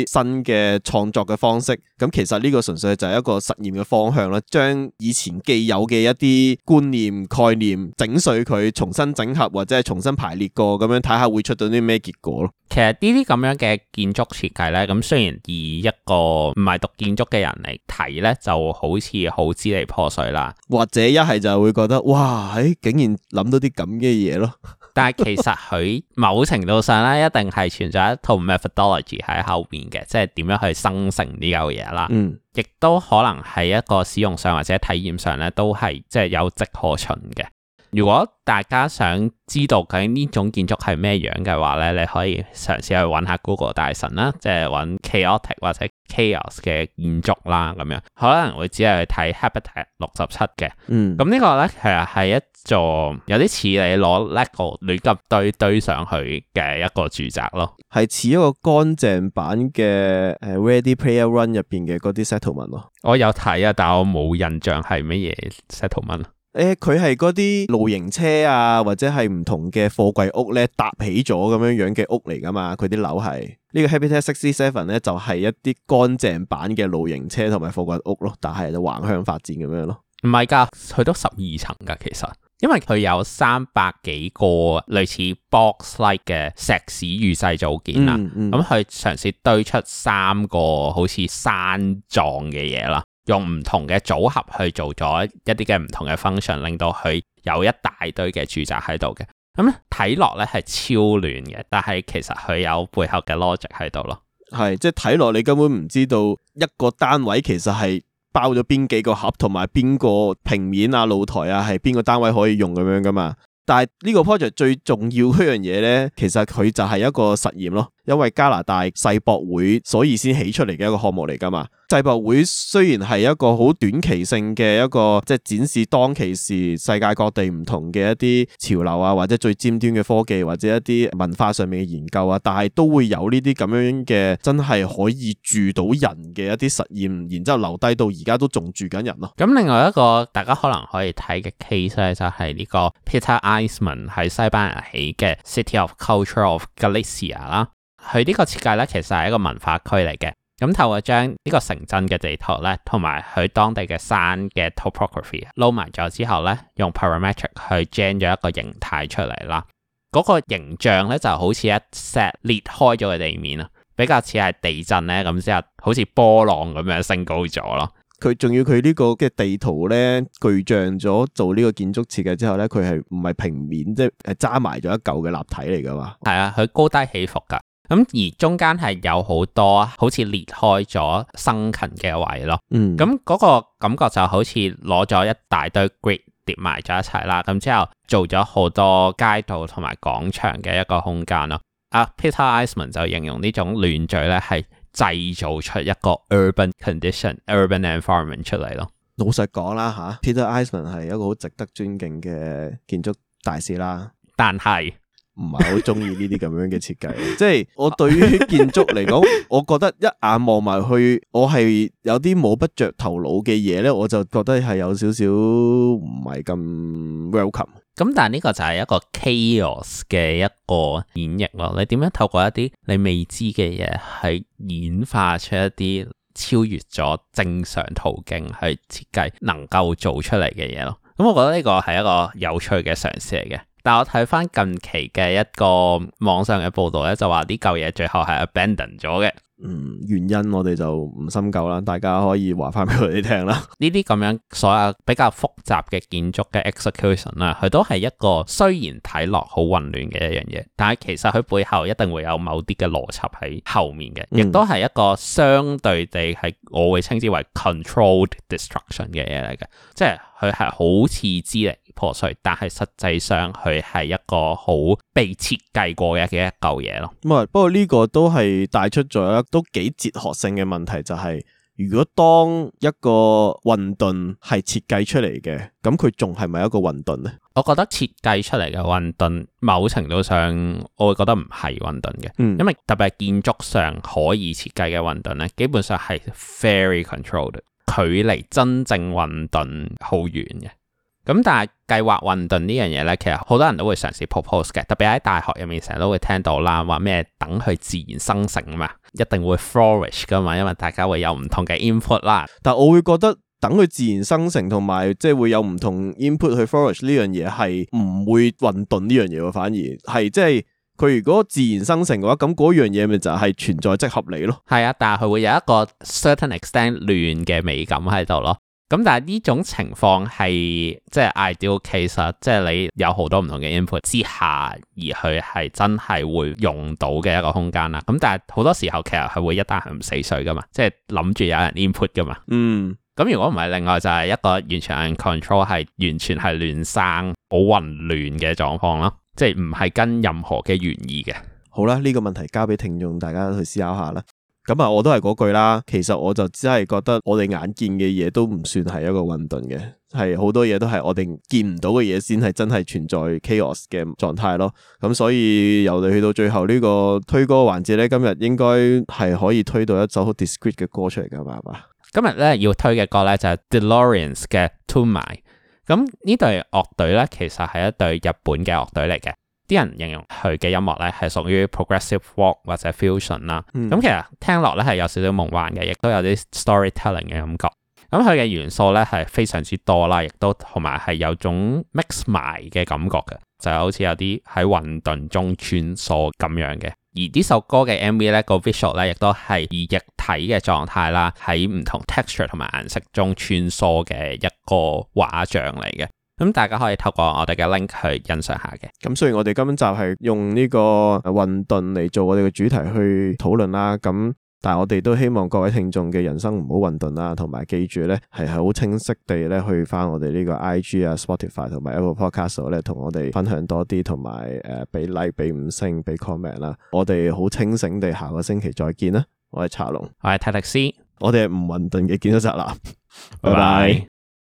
啲新嘅創作嘅方式。咁其實，呢個純粹就係一個實驗嘅方向啦。將以前既有嘅一啲觀念概念整碎佢，重新整合或者係重新排列過，咁樣睇下會出到啲咩結果咯。其實這這呢，呢啲咁樣嘅建築設計咧，咁雖然以一個唔係讀建築嘅人嚟睇咧，就好似好之嚟。破碎啦，或者一係就會覺得哇，喺、哎、竟然諗到啲咁嘅嘢咯。 [LAUGHS] 但係其實佢某程度上咧，一定係存在一套 methodology 喺後邊嘅，即係點樣去生成呢嚿嘢啦。嗯，亦都可能係一個使用上或者體驗上咧，都係即係有迹可循嘅。如果大家想知道究竟呢種建築係咩樣嘅話咧，你可以嘗試去揾下 Google 大神啦，即係揾 chaotic 或者 chaos 嘅建築啦咁樣，可能會只係去睇 Habitat 六十七嘅。嗯，咁呢個咧其實係一座有啲似你攞 lego 亂夾堆堆堆堆上去嘅一個住宅咯，係似一個乾淨版嘅 Ready Player One 入邊嘅嗰啲 settlement 咯。我有睇啊，但我冇印象係乜嘢 settlement 啊。誒，佢係嗰啲露營車啊，或者係唔同嘅貨櫃屋咧，搭起咗咁樣樣嘅屋嚟噶嘛？佢啲樓係呢個 Habitat 67咧，就係、是、一啲乾淨版嘅露營車同埋貨櫃屋咯，但係就橫向發展咁樣咯。唔係噶，佢都十二層噶，其實，因為佢有三百幾個類似 box like 嘅石屎預製組件啊，咁佢嘗試堆出三個好似山狀嘅嘢啦。用唔同嘅組合去做咗一啲嘅唔同嘅 function，令到佢有一大堆嘅住宅喺度嘅。咁咧睇落咧係超亂嘅，但係其實佢有背後嘅 logic 喺度咯。係，即係睇落你根本唔知道一個單位其實係包咗邊幾個盒，同埋邊個平面啊、露台啊係邊個單位可以用咁樣噶嘛。但係呢個 project 最重要一樣嘢咧，其實佢就係一個實驗咯。因為加拿大世博會，所以先起出嚟嘅一個項目嚟噶嘛。世博會雖然係一個好短期性嘅一個，即係展示當其時世界各地唔同嘅一啲潮流啊，或者最尖端嘅科技，或者一啲文化上面嘅研究啊，但係都會有呢啲咁樣嘅真係可以住到人嘅一啲實驗，然之後留低到而家都仲住緊人咯。咁另外一個大家可能可以睇嘅 case 就係呢個 Peter Eisenman 喺西班牙起嘅 City of Culture of Galicia 啦。佢呢個設計咧，其實係一個文化區嚟嘅。咁透過將呢個城鎮嘅地圖咧，同埋佢當地嘅山嘅 topography 撈埋咗之後咧，用 parametric 去 generate 一個形態出嚟啦。嗰、嗰個形象咧就好似一石裂開咗嘅地面啊，比較似係地震咧咁之後，好似波浪咁樣升高咗咯。佢仲要佢呢個嘅地圖咧，具象咗做呢個建築設計之後咧，佢係唔係平面，即係揸埋咗一嚿嘅立體嚟噶嘛？係啊，佢高低起伏㗎。咁而中間係有多好多好似裂開咗生鏽嘅位咯，咁嗰、嗯、個感覺就好似攞咗一大堆 grid 疊埋咗一齊啦，咁之後做咗好多街道同埋廣場嘅一個空間咯。阿、嗯啊、Peter Eisenman 就形容種亂呢種亂序咧係製造出一個 urban condition、urban environment 出嚟咯。老實講啦嚇，Peter Eisenman 係一個好值得尊敬嘅建築大師啦，但係。唔係好中意呢啲咁樣嘅設計，即係我對於建築嚟講， [LAUGHS] 我覺得一眼望埋去，我係有啲摸不着頭腦嘅嘢咧，我就覺得係有少少唔係咁 welcome。咁 [LAUGHS] 但係呢個就係一個 chaos 嘅一個演繹咯。你點樣透過一啲你未知嘅嘢，係演化出一啲超越咗正常途徑去設計，能夠做出嚟嘅嘢咯。咁我覺得呢個係一個有趣嘅嘗試嚟嘅。但我睇翻近期嘅一個網上嘅報道咧，就話呢舊嘢最後係 abandon 咗嘅。嗯，原因我哋就唔深究啦，大家可以話翻俾我哋聽啦。呢啲咁樣所有比較複雜嘅建築嘅 execution 啦，佢都係一個雖然睇落好混亂嘅一樣嘢，但係其實佢背後一定會有某啲嘅邏輯喺後面嘅，亦都係一個相對地係我會稱之為 controlled destruction 嘅嘢嚟嘅，嗯、即係佢係好似之嚟。破碎，但係實際上佢係一個好被設計過嘅嘅一嚿嘢咯。唔係，不過呢個都係帶出咗都幾哲學性嘅問題，就是，就係如果當一個混沌係設計出嚟嘅，咁佢仲係咪一個混沌咧？我覺得設計出嚟嘅混沌，某程度上我會覺得唔係混沌嘅，嗯，因為特別係建築上可以設計嘅混沌咧，基本上係 very controlled，距離真正混沌好遠嘅。咁但係計劃混沌呢樣嘢咧，其實好多人都會嘗試 propose 嘅，特別喺大學入面成日都會聽到啦，話咩等佢自然生成啊嘛，一定會 flourish 噶嘛，因為大家會有唔同嘅 input 啦。但我會覺得等佢自然生成同埋即係會有唔同 input 去 flourish 呢樣嘢係唔會混沌呢樣嘢喎，反而係即係佢如果自然生成嘅話，咁嗰樣嘢咪就係存在即合理咯。係啊，但係佢會有一個 certain extent 亂嘅美感喺度咯。咁但係呢種情況係即係 ideal case 即係你有好多唔同嘅 input 之下，而佢係真係會用到嘅一個空間啦。咁但係好多時候其實係會一單係唔死水㗎嘛，即係諗住有人 input 㗎嘛。嗯。咁如果唔係，另外就係一個完全 uncontrolled 係完全係亂生好混亂嘅狀況咯，即係唔係跟任何嘅原意嘅。好啦，呢個問題交俾聽眾大家去思考下啦。咁啊，我都係嗰句啦。其實我就只係覺得，我哋眼見嘅嘢都唔算係一個混沌嘅，係好多嘢都係我哋見唔到嘅嘢先係真係存在 chaos 嘅狀態咯。咁所以由你去到最後呢個推歌環節咧，今日應該係可以推到一首好 discrete 嘅歌出嚟噶嘛，係嘛？今日咧要推嘅歌咧就係、是、De Lorians 嘅 Toumai。咁呢隊樂隊咧，其實係一隊日本嘅樂隊嚟嘅。啲人形容佢嘅音樂咧係屬於 progressive rock 或者 fusion 啦、嗯，咁其實聽落咧係有少少夢幻嘅，亦都有啲 storytelling 嘅感覺。咁佢嘅元素咧係非常之多啦，亦都同埋係有種 mix 埋嘅感覺嘅，就係、好似有啲喺混沌中穿梭咁樣嘅。而呢首歌嘅 MV 咧、個 visual 咧亦都係以液體嘅狀態啦，喺唔同 texture 同埋顏色中穿梭嘅一個畫像嚟嘅。咁大家可以透過我哋嘅 link 去欣賞下嘅。咁雖然我哋今集係用呢個混沌嚟做我哋嘅主題去討論啦，咁但係我哋都希望各位聽眾嘅人生唔好混沌啦，同埋記住咧係好清晰地咧去翻我哋呢個 IG 啊、Spotify 同埋 Apple Podcast 咧，同我哋分享多啲，同埋誒俾 like 俾五星俾 comment 啦。我哋好清醒地下個星期再見啦。我係茶龍，我係泰力斯，我哋係唔混沌嘅，見到宅男，拜拜。